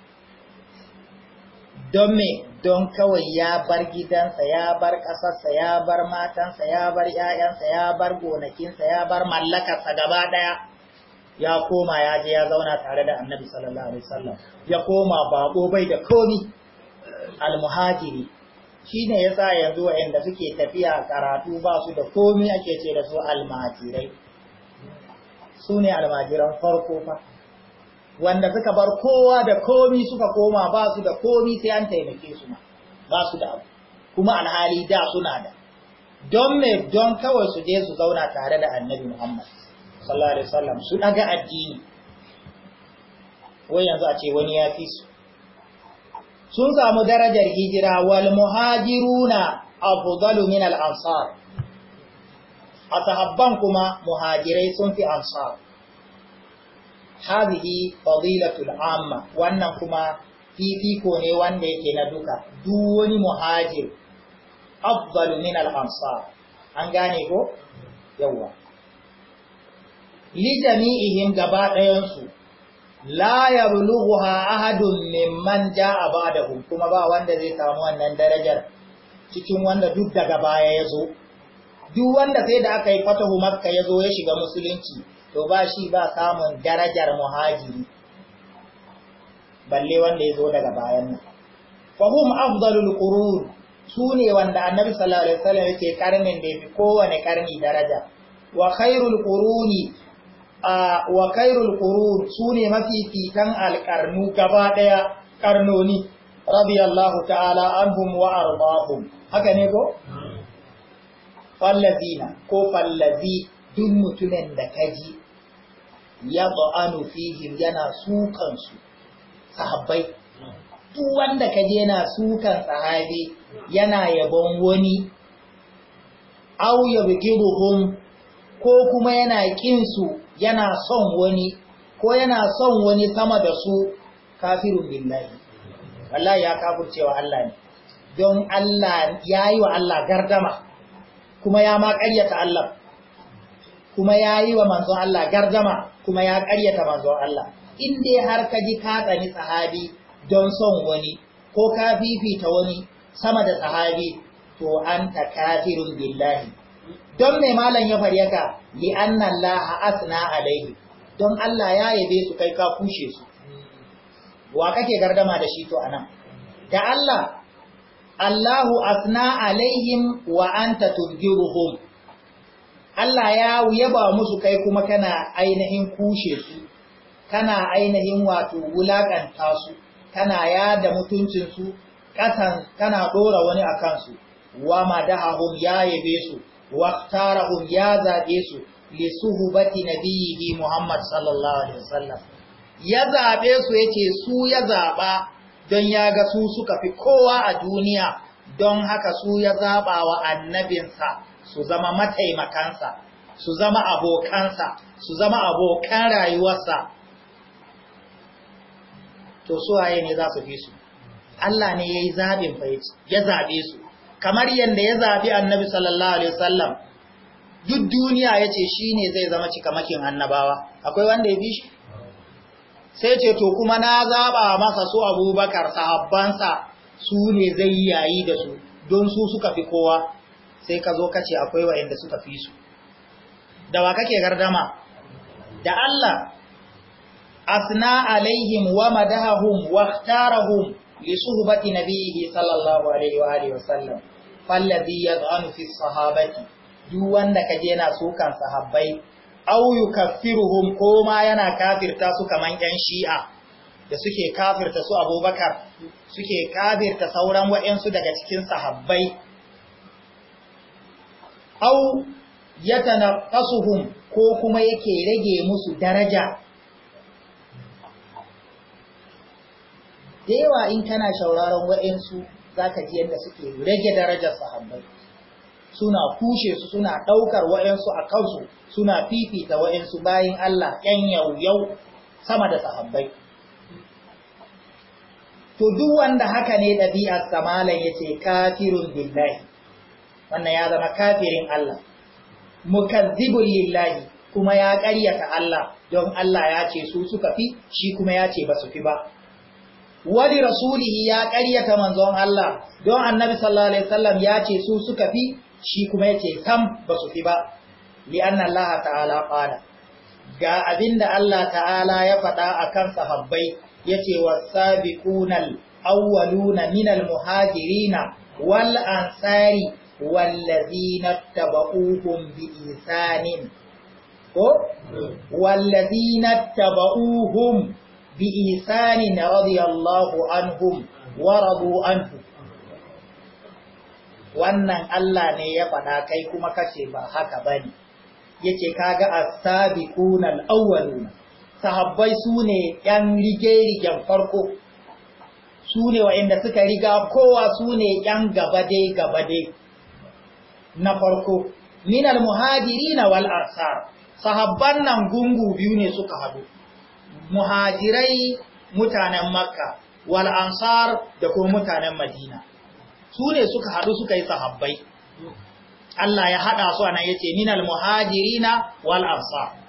don me don kawai ya bar gidansa ya bar ƙasarsa ya bar matansa ya bar ‘ya'yansa ya bar gonakinsa ya bar mallakarsa gaba ɗaya ya koma ya je ya zauna tare da annabi sallallahu alaihi wasallam ya koma bako bai da komi almuhajiri shi ne ya sa yanzu waɗanda suke tafiya karatu ba su da komi ake ce da su almajirai su ne almajiran farko fa wanda suka bar kowa da komi suka koma ba su da komi sai an taimake su ma ba su da abu kuma alhali da suna da don me don kawai su je su zauna tare da annabi Muhammad sallallahu alaihi wasallam su daga addini wai yanzu a ce wani ya fi su sun samu darajar hijira wal muhajiruna afdalu min al ansar a sahabban kuma muhajirai sun fi ansar hadhihi fadilatul amma wannan kuma fifiko ne wanda yake na duka duk wani muhajir afdalu min al ansar an gane ko yawa li jami'ihim gaba ɗayan su la yablughuha ahadun mimman ja'a ba'dahum kuma ba wanda zai samu wannan darajar cikin wanda duk daga baya yazo duk wanda sai da aka yi fatahu makka yazo ya shiga musulunci to ba shi ba samun darajar muhajiri balle wanda ya zo daga bayan nan fahim afdalul Qurur, sune wanda annabi sallallahu alaihi wasallam yake karnin da yake kowane karni daraja wa khairul quruni wa khairul qurur sune mafi mafifitan alqarnu gaba daya karnoni radiyallahu ta'ala anhum wa arbahum haka ne ko hmm. fallazina ko fallazi duk mutumin da kaji ya fihim yana su sahabbai duk wanda ka je yana sukan sahabi yana yabon wani au ya bugiruhum ko kuma yana su yana son wani ko yana son wani sama da su kafirun billahi wallahi ya cewa Allah ne don Allah ya yi wa Allah gardama kuma ya ma ƙaryata Allah kuma ya yi wa manzon Allah gardama kuma ya ƙaryata manzon Allah in dai har ka ji ka tsani sahabi don son wani ko ka fifita wani sama da sahabi to anta kafirun billahi don me malam ya faryaka li anna Allah asna alaihi don Allah ya yabe su kai ka kushe su wa kake gardama da shi to anan da Allah Allahu asna alaihim wa anta tudgiruhum Allah ya yaba musu kai kuma kana ainihin kushe su, kana ainihin wato wulaƙanta su, kana yada mutuncinsu, ƙasan kana ɗora wani a kansu, wa madahahum ya yabe su, wa tarahum ya zaɓe su, li suhubati nabiyyihi Muhammad sallallahu alaihi wasallam. Ya zaɓe su ce su ya zaɓa don ya ga su suka fi kowa a duniya, don haka su ya zaɓa wa annabinsa. su zama mataimakansa su zama abokansa su zama abokan rayuwarsa to waye ne za su fi su Allah ne ya yi zaɓin ya zaɓe su kamar yadda ya zaɓi annabi sallallahu alaihi wasallam duk duniya ya ce shi ne zai zama cikamakin annabawa akwai wanda ya bi shi sai ce to kuma na zaɓa masa su abubakar sahabbansa su ne zai yayi da su don su suka fi kowa sai ka zo kace akwai wa'anda suka fi su da wa kake gardama da Allah asna alaihim wa madahum wa ikhtarahum li suhbati nabiyhi sallallahu alaihi wa alihi wasallam falladhi yad'anu fi sahabati duk wanda kaje yana sukan sahabbai aw yukaffiruhum ko ma yana kafirta su kaman yan shi'a da suke kafirta su Abubakar suke kafirta sauran wa'ansu daga cikin sahabbai au yatanaqasuhum ko kuma yake rage musu daraja dewa yawa in kana shauraron wa'ansu zaka ji yadda suke rage darajar sahabbai suna kushe su suna daukar wa'ansu a kansu suna fifita wa'ansu bayin Allah yan yau sama da sahabbai to duk wanda haka ne dabi'ar samalan yace kafirun billahi wannan ya zama kafirin Allah mukazzibul lillahi kuma ya ƙaryata Allah don Allah ya ce su suka fi shi kuma ya ce ba su fi ba wali rasulihi ya ƙaryata manzon Allah don annabi sallallahu alaihi wasallam ya ce su suka fi shi kuma ya ce sam ba su fi ba li anna Allah ta'ala qala ga abinda Allah ta'ala ya faɗa akan sahabbai yace wasabiqunal awwaluna minal muhajirina wal ansari والذين اتبعوهم bi والذين اتبعوهم wallazina رضي الله عنهم radiyallahu anhum anhu wannan Allah ne ya faɗa kai kuma kace ba haka bane yace kaga as sabiqun al awwalun sahabbai sune yan rige-rigen farko sune wa'anda suka riga kowa sune yan gaba dai gaba dai na farko min al-muhajirin wal sahabban nan gungu biyu ne suka hadu muhajirai mutanen makka wal da kuma mutanen madina su ne suka hadu suka yi sahabbai Allah ya haɗa su anan yace min al-muhajirin wal ansar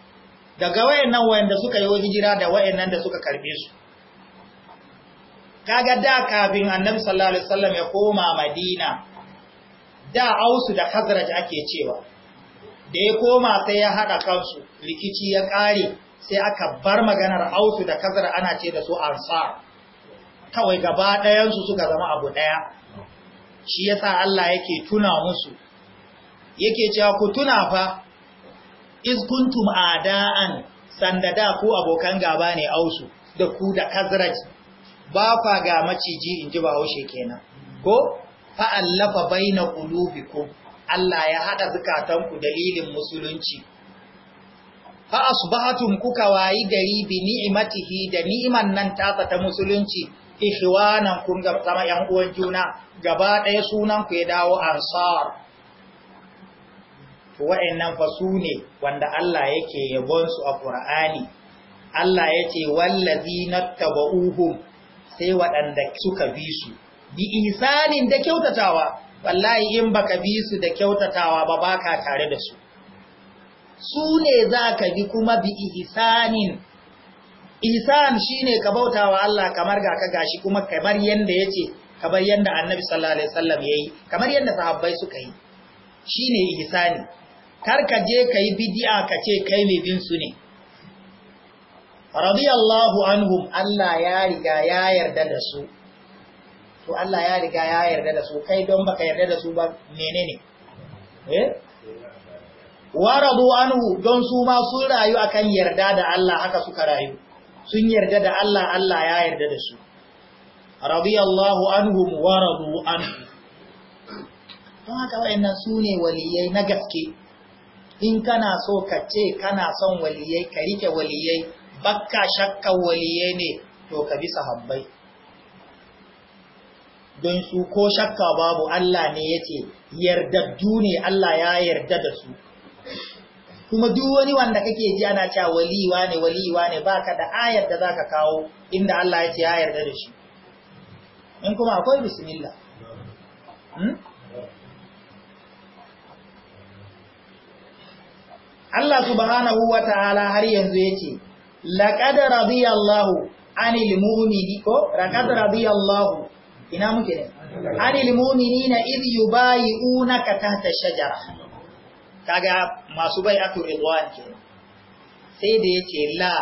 daga wayannan da suka yi hijira da nan da suka karbe su kaga da kafin annabi sallallahu alaihi wasallam ya koma madina da ausu da hazraj ake cewa da ya koma sai ya haɗa kansu rikici ya ƙare sai aka bar maganar ausu da hazraj ana ce da su ansar kawai gaba ɗayansu suka zama abu ɗaya shi yasa Allah yake tuna musu yake cewa ku tuna fa iz kuntum ada'an sanda da ku abokan gaba ne ausu da ku da hazraj ba fa ga maciji in ji ba haushe kenan ko fa'allafa baina qulubikum Allah ya haɗa zukatanku dalilin musulunci fa asbahatum kuka wayi gari bi ni'matihi da ni'iman nan ta ta musulunci ikhwanan kun ga sama yan uwan juna gaba ɗaya sunan ku ya dawo ansar to wa'annan fa ne wanda Allah yake yabon su a Qur'ani Allah yace wallazi tabauhum sai waɗanda suka bi su bi isanin da kyautatawa wallahi in baka bi su da kyautatawa ba baka tare da su su ne zaka bi kuma bi isanin isan shine ka bautawa Allah kamar ga ka gashi kuma kamar yanda yace kamar yanda Annabi sallallahu alaihi wasallam yayi kamar yanda sahabbai suka yi shine isani kar ka je kai bid'a ka ce kai ne bin su ne radiyallahu anhum Allah ya riga ya yarda da su to Allah ya riga ya yarda da su kai don baka yarda da su ba menene eh waradu anhu don su ma sun rayu akan yarda da Allah haka suka rayu sun yarda da Allah Allah ya yarda da su radiyallahu anhum waradu anhu don haka wayannan sune waliyai na gaske in kana so ka ce kana son waliyai ka rike waliyai bakka shakkan waliyai ne to ka bi sahabbai don su ko shakka babu Allah ne ya ce yardaddu ne Allah ya yarda da su kuma duk wani wanda kake ji ana cewa waliwa ne waliwa ne baka da ayar da zaka kawo inda Allah ya ce ya yarda da shi in kuma akwai bismillah hmm? Allah subhanahu wa ta'ala har yanzu ya ce laqad radiyallahu anil mu'mini ko laqad radiyallahu ina muke ne anil mu'minina id yubayi'unaka tahta shajara kaga masu bai aku ridwan ke sai da yace la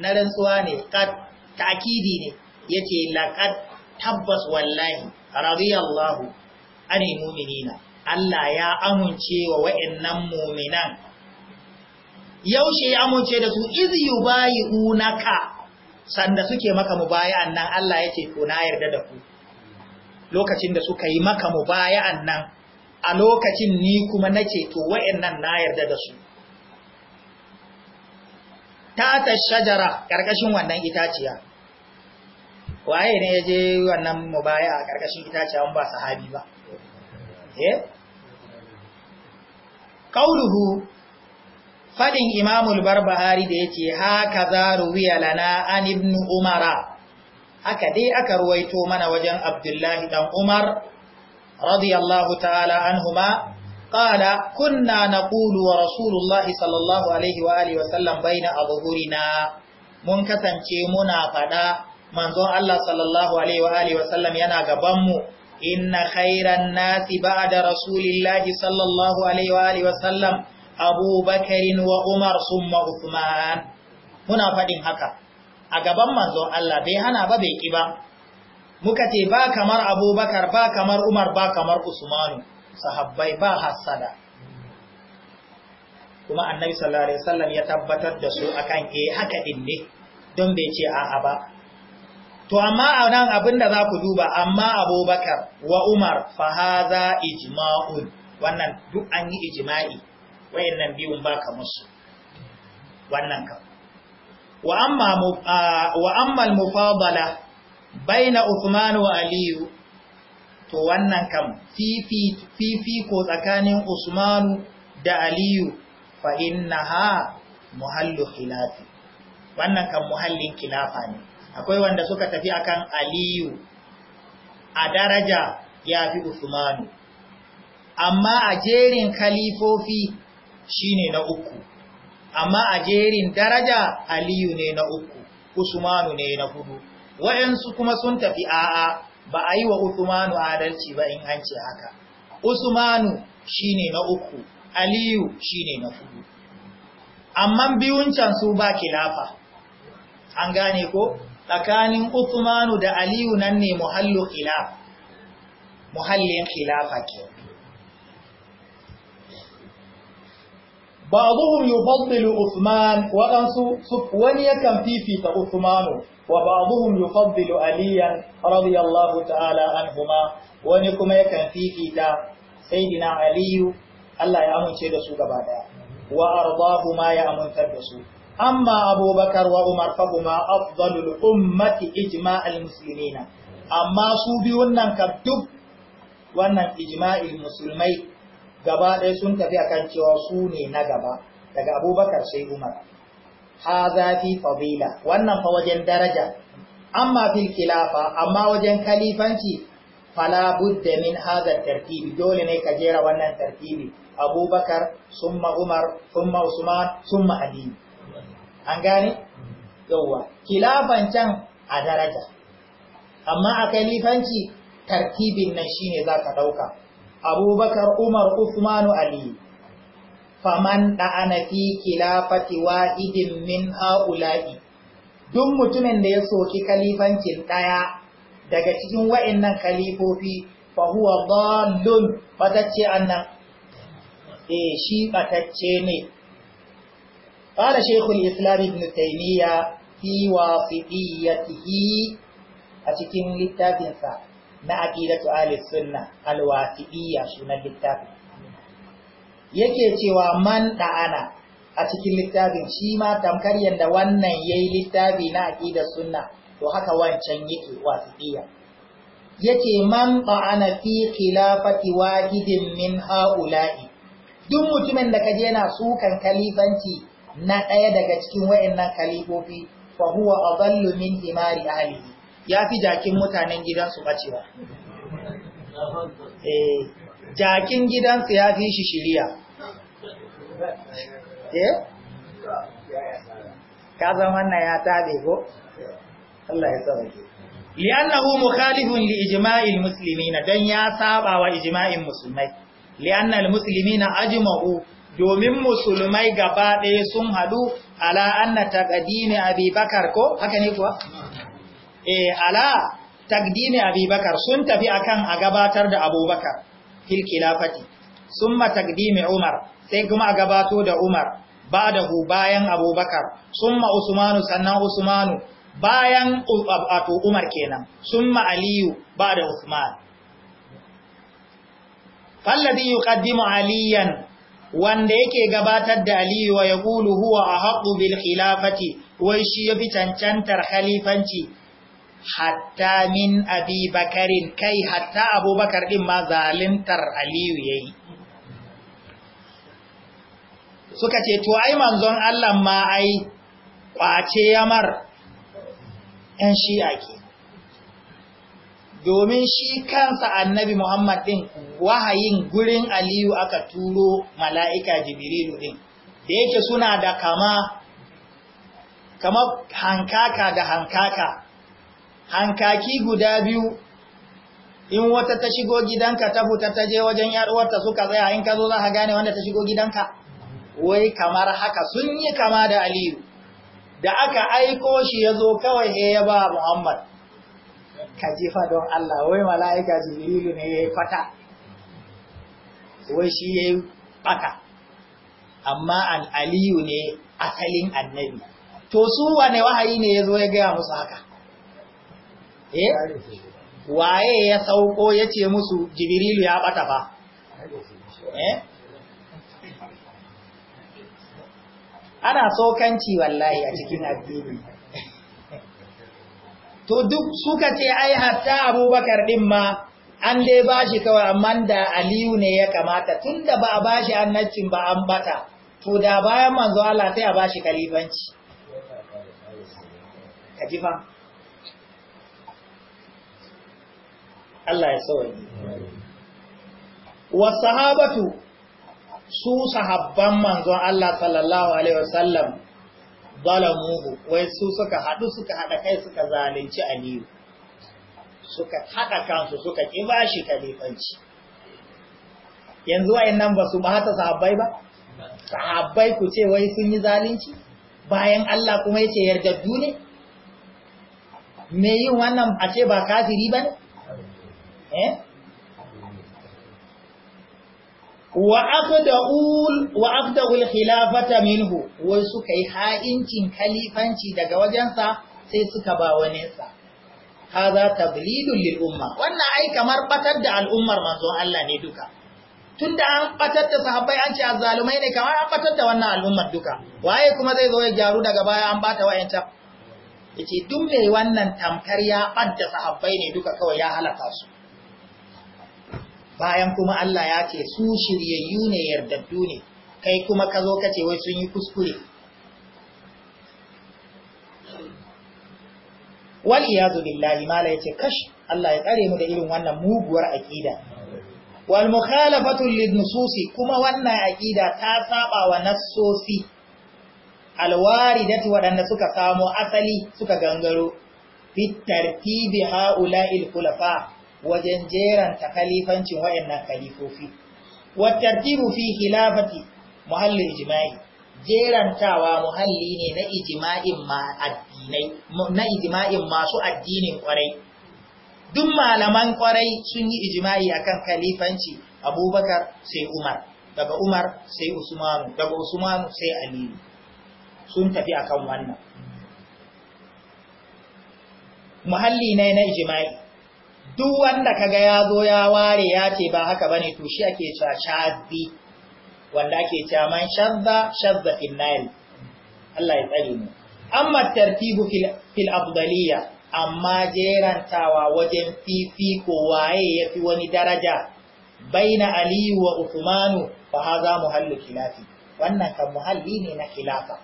na rantsuwa ne kad ta'kidi ne yace laqad tabbas wallahi radiyallahu anil mu'minina Allah ya amince wa wa'annan mu'minan yaushe ya amince da su iz yubayi'unaka sanda suke maka mubaya'an nan Allah yake to na yarda da ku lokacin da suka yi maka mu bayan nan a lokacin ni kuma na to wayannan na yarda da su ta ta shajara karkashin wannan itaciya waye ne yaje wannan mu a karkashin itaciya ba sahabi ba eh fadin imamul barbahari da yake haka zaru wiyalana an ibn umara haka dai aka ruwaito mana wajen abdullahi dan umar radiyallahu ta'ala anhuma ƙada, kunna naqulu wa rasulullahi sallallahu alaihi wa alihi wa sallam baina abhurina mun kasance muna faɗa. manzon Allah sallallahu alaihi wa alihi wa sallam yana gaban mu inna khairan nasi ba'da rasulillahi sallallahu alaihi wa alihi wa sallam abubakarin wa umar summa uthman muna faɗin haka a gaban manzon Allah bai hana ba bai ki ba muka ce ba kamar abubakar ba kamar umar ba kamar usmanu sahabbai ba hassada kuma annabi sallallahu alaihi wasallam ya tabbatar da su akan eh haka din ne don bai ce a'a ba to amma a nan abinda za ku duba amma abubakar wa umar fa haza ijma'un wannan duk an yi ijma'i wayannan biyun ba kamar su wannan kam wa ammal mufadala baina Uthman wa Aliyu to wannan kam fifi ko tsakanin Usmanu da Aliyu fa ha muhallu khilafi wannan kan muhallin khilafa ne akwai wanda suka tafi akan Aliyu a daraja ya fi Usmanu amma a jerin kalifofi shine na uku amma a jerin daraja aliyu ne na uku usmanu ne na hudu wa'yansu kuma sun tafi a'a ba a yi wa usmanu adalci ba in an ce haka usmanu shine na uku aliyu shine na hudu amma biyun can su ba kilafa an gane ko tsakanin usmanu da aliyu nan ne muhallu khilaf muhallin khilafa ke ba'dhum yufaddilu Uthman waɗansu wani yakan fifita Uthmanu wa ba'dhum yufaddilu Aliyan radiyallahu ta'ala anhuma wani kuma yakan fifita sayyidina Aliyu Allah ya amince da su gaba daya wa ardahu ma ya amintar da su amma Abubakar wa Umar fa huma afdalul ummati ijma'al muslimina amma su biyun nan duk wannan ijma'il musulmai gaba ɗaya sun tafi kan cewa su ne na gaba daga abubakar sai umar ha fi fadila wannan fa wajen daraja amma fil kilafa amma wajen kalifanci fala budda min hadha tartibi dole ne ka jera wannan tartibi abubakar summa umar summa usman summa ali an gane yawa Kilafan can a daraja amma a kalifanci tartibin nan shine zaka dauka abubakar umar usmanu ali faman ɗa'ana fi kilafati wa'idin min ha'ula'i duk mutumin da ya soki kalifancin ɗaya daga cikin wa'innan kalifofi fahuwa dallun batacce annan e shi batacce ne qala shaykhul islam ibn taymiya fi yi a cikin littafinsa na aqidatu ahli sunna alwasiqiyya sunan littafi yake cewa man da'ana a cikin littafin shi ma tamkar yanda wannan yayi littafi na aqidar sunna to haka wancan yake wasiqiyya yake man ba'ana fi khilafati wahidin min haula'i duk mutumin da kaje yana sukan kalifanci na ɗaya daga cikin wayannan kalifofi fa huwa adallu min himari ahlihi ya fi jakin mutanen gidansu bacewa E, eh, jakin gidansu ya fi shi shirya. E? Eh? ka zama wannan ya taɓe ko Allah ya sauke li'annahu mukhalifun li ijma'il muslimina dan ya saba wa ijma'in musulmai li'anna al-muslimina ajma'u domin musulmai gaba ɗaya sun haɗu, ala anna taqdimi Abi Bakar ko haka ne kuwa eh ala taqdimi abubakar sun tafi akan a gabatar da abubakar fil khilafati summa taqdimi umar sai kuma a gabato da umar hu, bayan abubakar summa usmanu sannan usmanu bayan ato umar kenan summa aliyu ba'da usman falladhi yuqaddimu aliyan wanda yake gabatar da Aliyu wa ya kulu huwa a haƙu bil wai shi ya fi cancantar khalifanci hatta min abi bakarin kai hatta abubakar din ma zalintar aliyu ya yi suka ce to ai manzon Allah ma ai kwace yamar ‘yan shi'a ke domin shi kansa annabi Muhammad din wahayin gurin aliyu aka turo mala'ika jibrilu din da yake suna da kama kama hankaka da hankaka hankaki guda biyu in wata ta shigo gidanka ta fita ta je wajen yaruwarta suka tsaya in ka zo za ka gane wanda ta shigo gidanka wai kamar haka sun yi kama da aliyu da aka aiko shi ya zo kawai he ya ba muhammad ka jefa don allah wai mala'ika jibrilu ne ya yi fata wai shi ya yi amma al aliyu ne asalin annabi to su wane wahayi ne ya zo ya gaya musu haka Eh? waye ya sauko ya ce musu jibrilu ya bata ba eh? ana sokanci wallahi a cikin addini to duk suka ce ai hatta abubakar din ma an dai shi kawai amma da aliyu ne ya kamata tunda ba a bashi annacin ba an bata to da bayan manzo Allah sai a ba bashi kalibanci fa Allah ya sauye wa sahabatu su sahabban manzon Allah sallallahu alaihi wasallam zalamuhu wai su suka hadu suka hada kai suka zalunci Aliyu suka hada kansu suka kiba shi kalifanci yanzu nan ba su ba hata sahabbai ba sahabbai ku ce wai sun yi zalunci bayan Allah kuma yace yarda ne me yin wannan a ce ba kafiri ba ne Eh? wa abda'ul khilafata minhu wai suka yi ha'incin kalifanci daga wajensa sai suka ba wani sa, kaza tablidul lil umma wannan ai kamar batar da al'ummar manzo Allah ne duka tunda an batar da sahabbai an ce azzalumai ne kamar an batar da wannan al'ummar duka waye kuma zai zo ya jaru daga baya an bata wayanta yace duk mai wannan tamkar ya badda sahabbai ne duka kawai ya halaka su bayan kuma Allah ya ce su shiryayyu ne yardaddu ne kai kuma ka zo kace wai sun yi kuskure wal iyazu billahi mala yace kash Allah ya tsare mu da irin wannan muguwar aqida wal mukhalafatu lin nususi kuma wannan aqida ta saba wa nassosi alwaridatu wadanda suka samo asali suka gangaro fi tartibi ha'ula'il khulafa wajen jeranta kalifancin waɗannan khalifofi wattartibu fi hilafati, muhalli ijma'i jerantawa muhalli ne na ijma'in na masu addinin kwarai duk malaman kwarai sun yi ijima'i akan kalifanci abubakar sai umar daga umar sai usmanu daga usmanu sai aliyu sun tafi akan wannan muhalli ne na ijima'i. duk wanda kaga ya zo ya ware ya ce ba haka bane to shi ake cewa shazzi wanda ake cewa man shazza shazza fil nail Allah ya tsare mu amma tartibu fil fil amma jerantawa wajen fifiko waye yafi wani daraja baina ali wa uthmanu fa hadha muhallu khilafi wannan kan muhalli ne na khilafa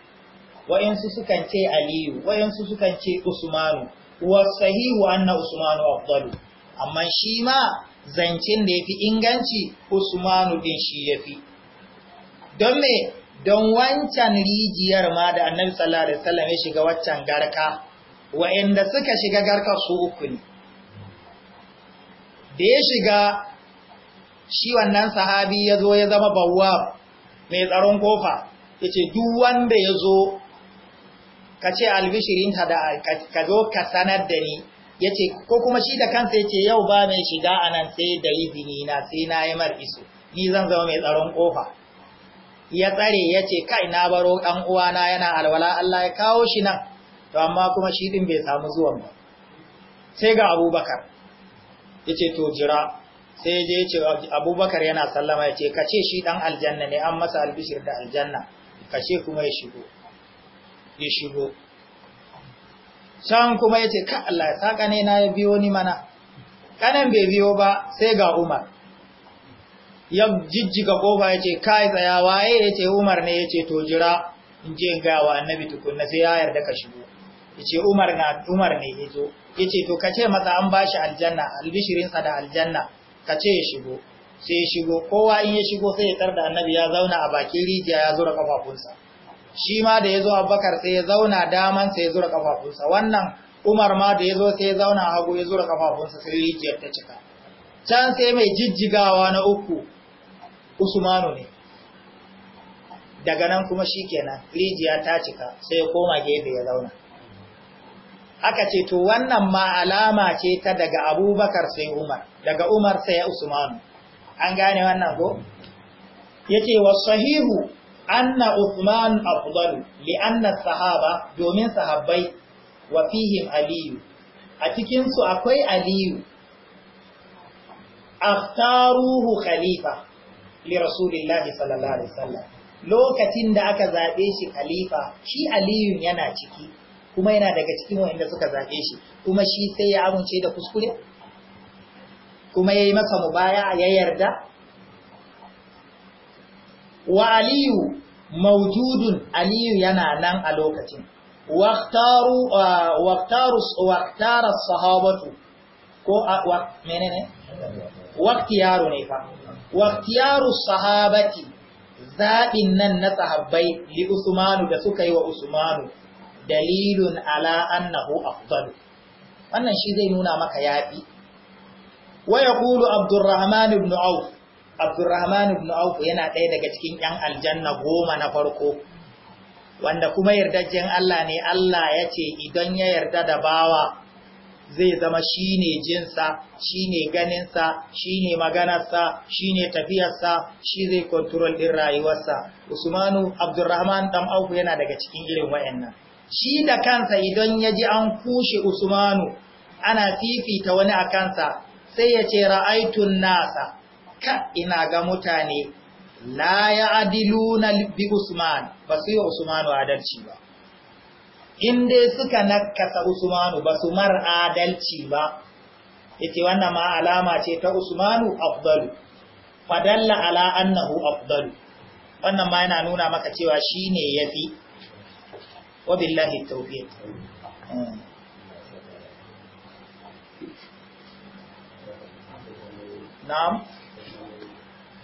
wayansu sukan ce aliyu wayansu sukan ce usmanu sahihu, anna usmanu afdalu amma shi ma zancen da ya fi inganci usmanu din shi ya fi don me don wancan rijiyar ma da annabi sallallahu alaihi wasallam ya shiga waccan garka wa'anda suka shiga garka su uku ne da ya shiga shi wannan sahabi ya zo ya zama bawwa mai tsaron kofa ya ce duk wanda ya zo ka ce albishirinta da ka zo ka sanar da ni yace ko kuma shi da kansa yace yau ba mai shiga a nan? sai da izini na sai na yi mar ni zan zama mai tsaron kofa ya tsare yace kai na baro dan uwana yana alwala Allah ya kawo shi nan to amma kuma shi din bai samu zuwan ba sai ga Abubakar yace to jira sai je yace Abubakar yana sallama yace kace shi ɗan aljanna ne an masa albishir da aljanna kace kuma ya shigo ya shigo Shan kuma yace, ce, Ka Allah, saƙa ne na ya biyo ni mana, ƙanan bai biyo ba sai ga Umar. Ya jijjiga ƙofa yace, ce, Kai tsaya waye ya ce Umar ne ya To jira, in je in gawa annabi tukunna sai ya yarda ka shigo. Ya Umar na Umar ne ya zo. Ya To ka ce masa an bashi aljanna, albishirinsa da aljanna, ka ce ya shigo. Sai ya shigo, kowa in ya shigo sai ya tsar da annabi ya zauna a bakin rijiya ya zura ƙafafunsa. shi ma da ya zo abubakar sai ya zauna daman sai ya zura kafafunsa wannan umar ma da ya zo sai ya zauna hagu ya zura kafafunsa sai rijiyar ta cika can sai mai jijjigawa na uku usmanu ne daga nan kuma shi kenan rijiya ta cika sai ya koma gefe ya zauna aka ce to wannan ma alama ce ta daga abubakar sai umar daga umar sai usmanu an gane wannan ko yace wa sahihu anna Uthman afdalu li anna sahaba domin sahabbai wa fihim aliyu a cikin su akwai aliyu aftaruhu khalifa li rasulillahi sallallahu alaihi wasallam lokacin da aka zabe shi khalifa shi aliyu yana ciki kuma yana daga cikin wanda suka zabe shi kuma shi sai ya amince da kuskure kuma yayi masa mubaya ya yarda wa aliyu maujudun aliyu yana nan a lokacin waktara uh, sahabatu ko uh, menene waktiyaru ne fa waktiyaru sahabati zaɓin nan na sahabbai li usmanu da suka yi wa usmanu dalilun ala annahu afdalu wannan shi zai nuna maka yafi wa yaqulu abdurrahman ibn auf Abdurrahman ibn Auf yana ɗaya daga cikin ‘yan aljanna goma na farko, wanda kuma yardajjen Allah ne Allah ya ce idan ya yarda da bawa zai zama shi ne jinsa, shi ne ganinsa, shi ne maganarsa, shi ne tafiyarsa, shi zai kontrol ɗin rayuwarsa. Usmanu Abdurrahman ɗan Auf yana daga cikin irin wayannan. Shi da kansa idan ya ji an kushe Usmanu ana fifita wani a kansa sai ya ce ra'aitun nasa. ka ina ga mutane la ya adiluna bi Usman ba su yi Usmanu adalci ba Inde dai suka nakasa Usmanu ba su mar adalci ba yace wannan ma alama ce ta Usmanu afdalu fadalla ala annahu afdalu wannan ma yana nuna maka cewa shi shine yafi wabillahi tawfiq na'am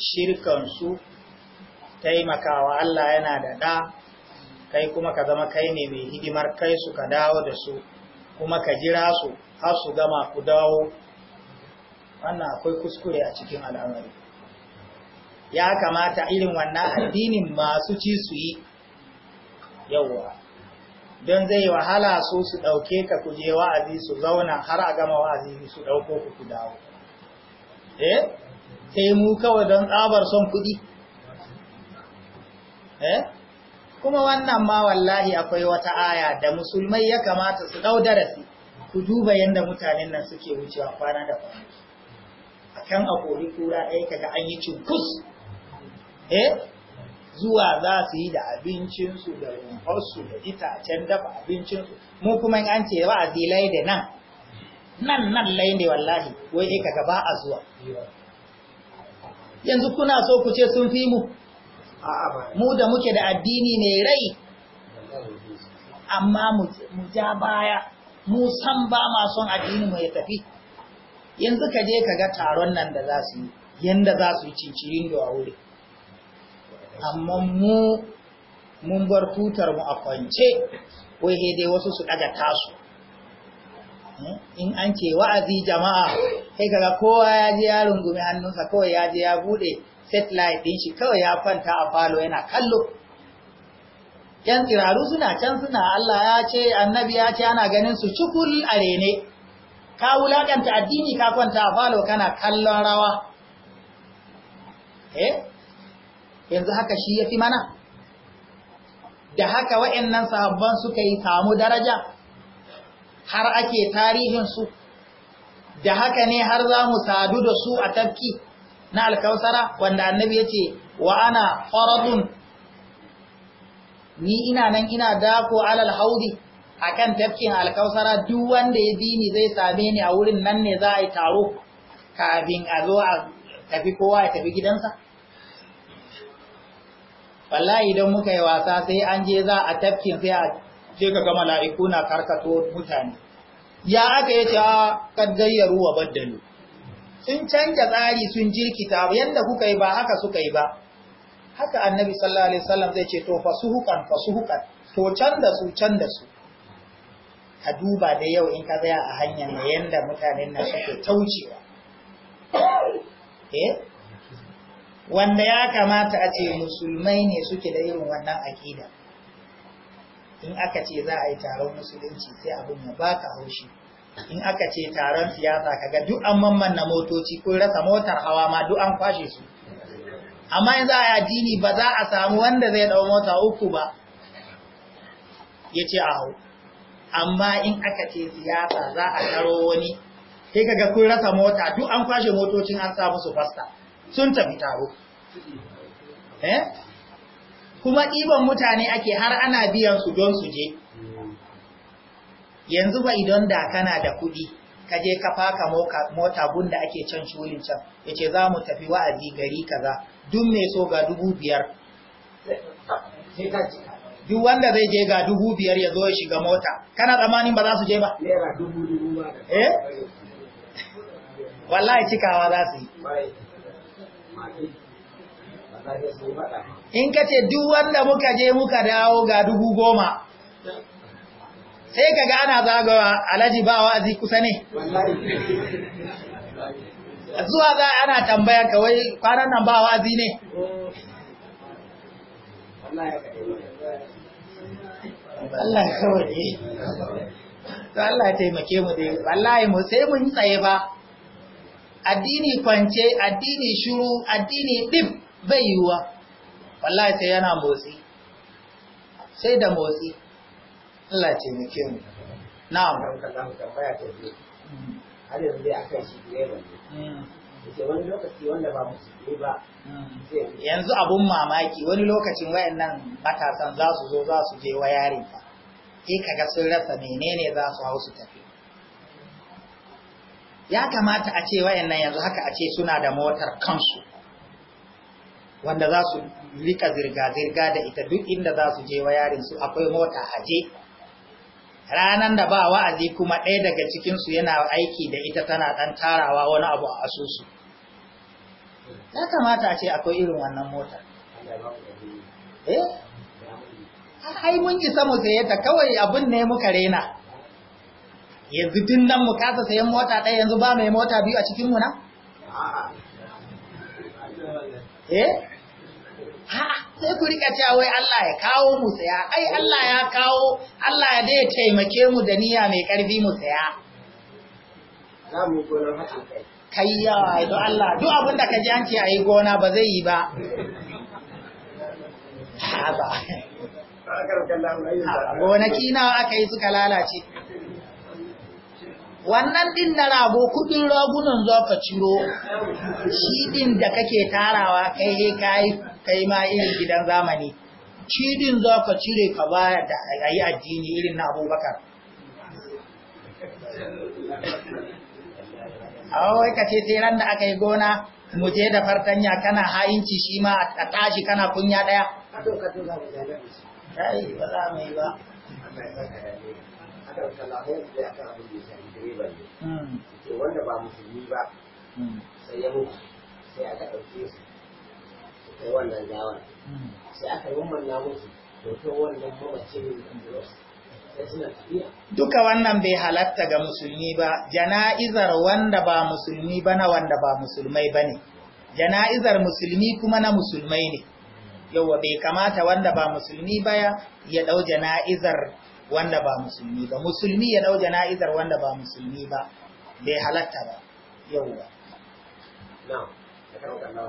shirkansu taimakawa Allah yana da ɗa kai kuma ka zama kai ne mai hidimar kai su ka dawo da su kuma ka jira su har su gama ku dawo wannan akwai kuskure a cikin al'amari ya kamata irin wannan addinin masu ci su yi yauwa don zai wahala su su ɗauke ka kuje wa'azi su zauna har a gama wa'azi su ɗauko ku ku dawo eh sai mu kawai don tsabar son kuɗi eh kuma wannan ma wallahi akwai wata aya da musulmai ya kamata su dau darasi ku duba yanda mutanen nan suke wucewa kwana da kwana akan akori kura ɗaya kaga an yi cinkus eh zuwa za su yi da abincinsu da rumfarsu da itacen dafa abincinsu mu kuma in an ce ba a zilai da nan nan nan lai ne wallahi wai ka gaba a zuwa yanzu kuna so ku ce sun fi mu mu da muke da addini mai rai amma mu ja baya mu san ba ma son addini mu ya tafi yanzu ka je ka ga taron nan da za su yi yanda za su yi cincirin da wuri amma mu mun bar tutar mu a kwance wai dai wasu su daga tasu Hmm? in an ce wa'azi jama'a sai kaga kowa ya ji ya rungumi hannunsa kawai ya ji ya bude satellite din shi kawai ya fanta a falo yana kallo yan tsiraru suna can suna Allah ya ce annabi ya ce ana ganin su cukul a ka wulakanta addini ka kwanta a falo kana kallon rawa eh yanzu haka shi yafi mana da haka wa'annan sahabban suka yi samu daraja har ake su da haka ne har za mu sadu da su a tafki na alkausara wanda annabi ya ce wa ana faradun ni ina nan ina dako alal haudi a kan tafkin alkausara duk wanda ya bi zai same ni a wurin nan ne za a yi taro kafin a zo a tafi kowa ya tafi gidansa wallahi idan muka yi wasa sai an je za a tafkin sai a sai ka ga mala'iku na karkato mutane ya aka yi a ƙaddayyaru wa baddalu sun canja tsari sun jirkita yadda kuka yi ba haka suka yi ba haka annabi sallallahu alaihi wasallam zai ce to fasuhukan fasuhukan to can da su can su ka duba da yau in ka zaya a hanyar na yadda mutanen na suke taucewa eh wanda ya kamata a ce musulmai ne suke da irin wannan aƙidar. in aka ce za a yi taron musulunci sai abin ya baka haushi in aka ce taron siyasa kaga duk an mamman na motoci ko rasa motar hawa ma duk an kwashe su amma yanzu a addini ba za a samu wanda zai dau mota uku ba ce a hau amma in aka ce siyasa za a taro wani sai kaga kun rasa mota duk an kwashe motocin an sa musu fasta sun tafi taro eh kuma ɗiban mutane ake har ana biyan su don su je yanzu ba idan da kana da kuɗi ka je ka faka mota gunda ake can shulin can ya ce za mu tafi wa'azi gari kaza duk mai so ga dubu biyar duk wanda zai je ga dubu biyar ya zo ya shiga mota kana tsamanin ba za su je ba eh wallahi cikawa za su yi in ka ce duk wanda muka je muka dawo ga dubu goma sai ka gana ana zagawa alaji ba wa'azi kusa ne zuwa za ana tambaya kawai kwanan nan ba wa'azi ne Allah kawai to Allah taimake mu dai wallahi mu sai mun tsaye ba addini kwance addini shuru addini dib bai yiwuwa wallahi sai yana motsi sai da motsi Allah ce mu ke mu na'am kan tambaya ta biyu har yanzu dai akan shi ba ne hmm. wani lokaci wanda ba mu musulmi ba hmm. yanzu abun mamaki wani lokacin wayannan matasan za su zo za su je wayarin ka sai kaga sun rasa menene za su hau su tafi ya kamata a ce wayannan yanzu haka a ce suna da motar kansu wanda za su rika zirga-zirga da ita duk inda za su je wa yarinsu akwai mota aje ranar da ba wa'azi kuma ɗaya daga cikinsu yana aiki da ita tana ɗan tarawa wani abu a asusu ya kamata a ce akwai irin wannan mota eh ai mun isa mu saye ta kawai abin ne muka rena yanzu tun nan mu kasa sayan mota ɗaya yanzu ba mai mota biyu a cikinmu na? eh sai ku rika cewa wai Allah ya kawo mu saya ai Allah ya kawo Allah ya dai taimake mu da niyya mai karfi mu saya kayya don Allah duk abin da ka ji an ce a gona ba zai yi ba ba gonaki nawa aka yi suka lalace wannan din na rago kudin ragunan za ka ciro shi din da kake tarawa kai kai kai ma irin gidan zamani cidin za ka cire ka bayar da a yi addini irin na abubakar awai ka ce tseren da aka yi gona muje da fartanya kana hainci shi ma a tashi kana kunya daya ba za mu yi ba aka rika da aka abin da ya shafi direba ne wanda ba musulmi ba hmm. sai ya mutu sai aka ɗauke su wannan gawar sai aka musu hoton wannan mamacin Duka wannan bai halatta ga musulmi ba, jana'izar wanda ba musulmi ba na wanda ba musulmai ba ne, jana'izar musulmi kuma na musulmai ne, yauwa bai kamata wanda ba musulmi ba ya ɗau jana'izar wanda ba musulmi ba, musulmi ya ɗau jana'izar wanda ba musulmi ba, bai halatta ba, yauwa. Na,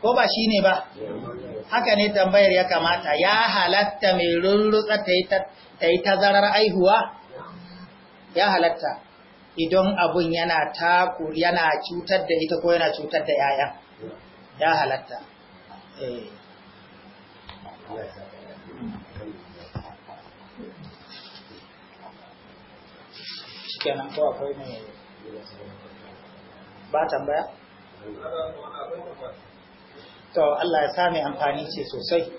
ko ba shi ne ba haka ne tambayar ya kamata ya halatta mai rurrutsa ta yi tazarar aihuwa ya halatta idan abun yana taku yana cutar da ita ko yana cutar da yaya ya halatta eh. ba tambaya to Allah ya sami amfani ce sosai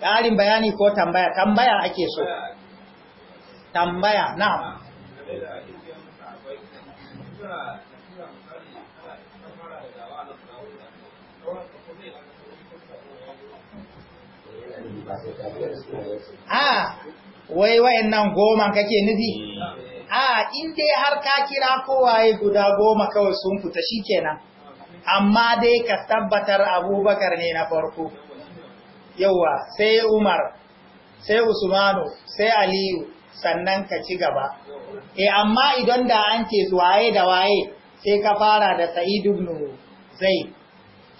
ƙarin bayani ko tambaya tambaya ake so tambaya na a ah, wai nan goma kake nufi a in dai har ka kira kowaye guda goma kawai sun fita shikenan amma dai ka tabbatar abubakar ne na farko yawa sai umar sai usmanu sai aliyu sannan ka ci gaba e amma idan da an ce waye da waye sai ka fara da sa'id ibn zaid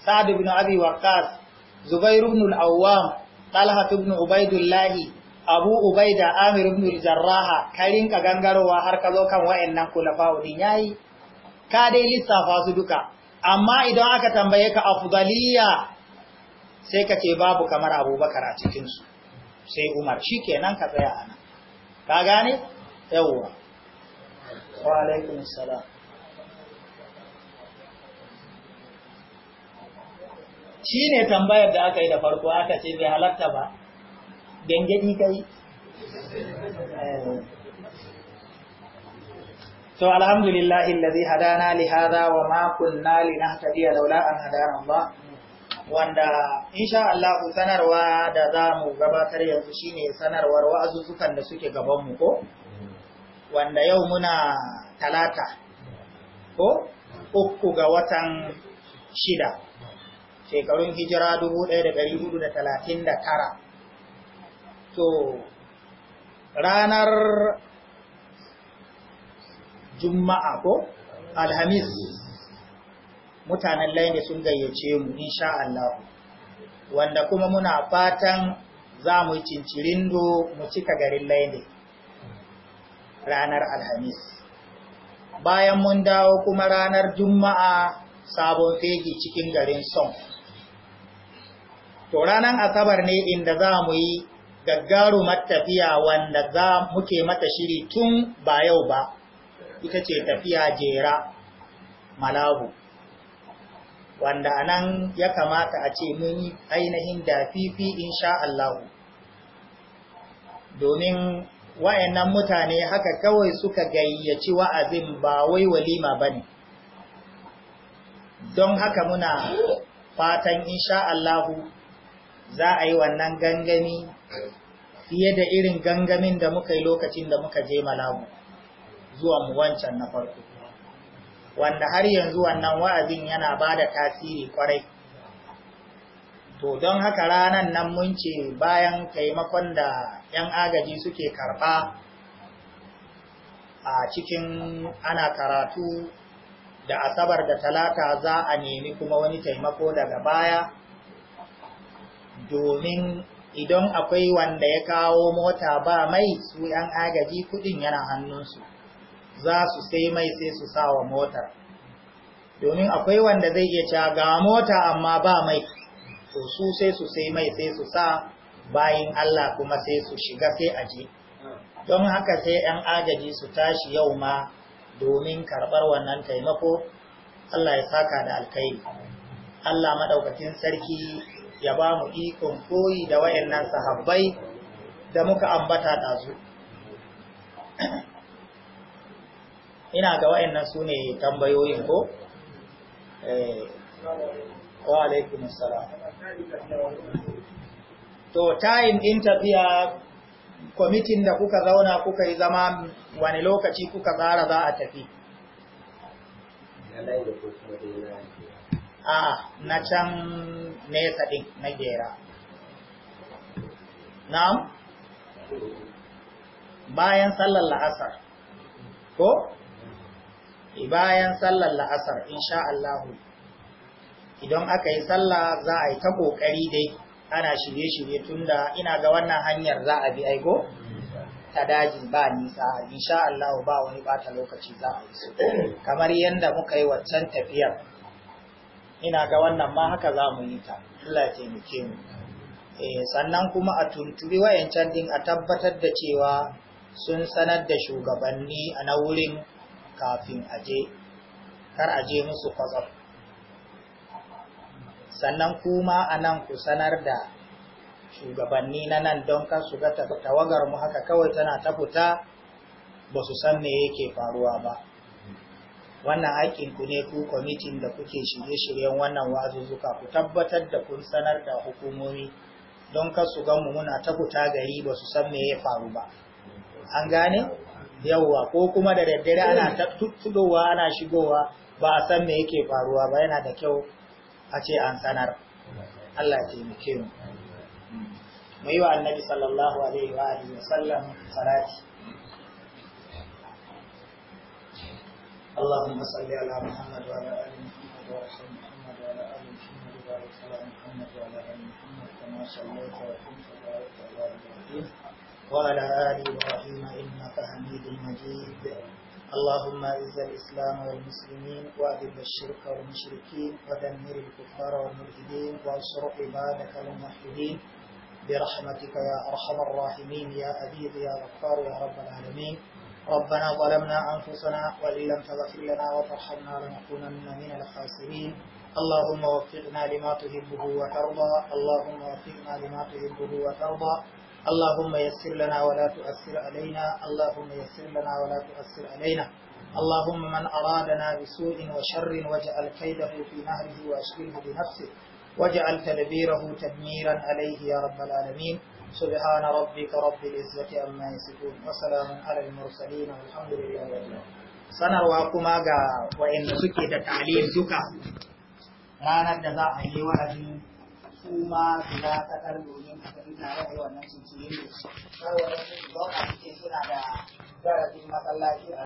sa'd ibn abi waqqas zubair ibn al-awwam talha ibn ubaidullah abu ubaida amir ibn jarraha ka rinka gangarowa har ka zo kan wayannan kulafa'u din yayi ka dai lissafa su duka amma idan aka tambaye ka afdaliya sai ka ce babu kamar abubakar a cikin su sai umar shikenan ka tsaya ana ka gane yawwa wa alaikum salam shine tambayar da aka yi da farko aka ce bai halatta ba gangani kai to alhamdulillah alladhi hadana li hadha wa ma kunna linahtadiya laula an hadana Allah wanda insha Allah sanarwa da zamu gabatar yanzu shine sanarwar wa'azuzukan da suke gabanmu ko wanda yau muna talata ko uku ga watan shida shekarun hijira da da talatin tara. to ranar juma'a ko alhamis mutanen laini sun gayyace mu insha Allah wanda kuma muna fatan za mu cincirindo mu cika garin laini ranar alhamis bayan mun dawo kuma ranar juma'a sabon fegi cikin garin son to ranar asabar ne inda za mu yi gaggaru matafiya wanda za muke mata shiri tun ba yau ba ita ce tafiya jera malabu wanda anan ya kamata a ce mun yi ainihin da fifi insha Allah domin wayannan mutane haka kawai suka gayyaci wa'azin ba wai walima bane don haka muna fatan insha Allah za a yi wannan gangami fiye da irin gangamin da muka yi lokacin da muka je malamu zuwa mu wancan na farko wanda har yanzu wannan wa'azin yana ba da tasiri kwarai to don haka ranan nan mun ce bayan taimakon da 'yan agaji suke karɓa a cikin ana karatu da asabar da talata za a nemi kuma wani taimako daga baya domin idan akwai wanda ya kawo mota ba mai su yan agaji kudin yana hannunsu za su sai mai sai su sa wa motar domin akwai wanda zai iya cewa ga mota amma ba mai to su sai su sai mai sai su sa bayin Allah kuma sai su shiga sai aje don haka sai yan agaji su tashi yau ma domin karɓar wannan taimako Allah ya saka da alkai Allah madaukakin sarki ya ba mu ikon koyi da wayannan sahabbai da muka ambata ɗazu ina ga wayannan su ne tambayoyin ko? Eh, wa alaikum salam to time in tafiya kwamitin da kuka zauna kuka yi zama wani lokaci kuka tsara za a tafi a na can nesa ɗin na gera na'am bayan sallar la'asar ko eh, bayan sallar la'asar insha Allah idan aka yi sallah za a yi ta kokari dai ana shirye-shirye tunda ina ga wannan hanyar za a bi aiko ta daji ba nisa insha Allah ba wani bata lokaci za a yi su kamar yadda muka yi waccan tafiyar ina ga wannan ma haka za mu yi ta Allah ya taimake mu eh sannan kuma a tuntubi wayancan din a tabbatar da cewa sun sanar da shugabanni a na wurin kafin aje kar aje musu kwatsam sannan kuma a nan ku sanar da shugabanni na nan don kan su ga tawagar mu haka kawai tana ta fita ba su san me yake faruwa ba wannan haƙƙin ku ne ku kwamitin da kuke shirye-shiryen wannan wazuzzuka ku tabbatar da kun sanar da hukumomi don kar su mu muna ta gari ba su san me ya faru ba an gane yawwa ko kuma da daddare ana tuttuɗowa, ana shigowa ba a san me yake faruwa ba yana da kyau a ce an sanar Allah ya taimake mu hmm. mu yi wa annabi sallallahu alaihi wa wa sallam salati اللهم صل على محمد وعلى ال محمد وارحم محمد وعلى ال محمد وبارك على محمد وعلى ال محمد كما صليت وكنت وبارك على ابراهيم وعلى ال ابراهيم انك حميد مجيد اللهم اعز الاسلام والمسلمين واذل الشرك والمشركين ودمر الكفار والملحدين وانصر عبادك الموحدين برحمتك يا ارحم الراحمين يا عزيز يا غفار يا رب العالمين ربنا ظلمنا أنفسنا وإن لم تغفر لنا وترحمنا لنكونن من الخاسرين اللهم وفقنا لما تحبه وترضى اللهم وفقنا لما تحبه وترضى اللهم يسر لنا ولا تؤثر علينا اللهم يسر لنا ولا تؤثر علينا اللهم من أرادنا بسوء وشر واجعل كيده في نهره وأشغله بنفسه واجعل تدبيره تدميرا عليه يا رب العالمين سبحان ربك رب العزة عما يصفون وسلام على المرسلين والحمد لله رب العالمين sanarwa kuma ga wayanda suke da talim duka ranar da za a yi wa'azi suma ma su za ta kar a tafi tare da wannan cincin yin da da garajin masallaci a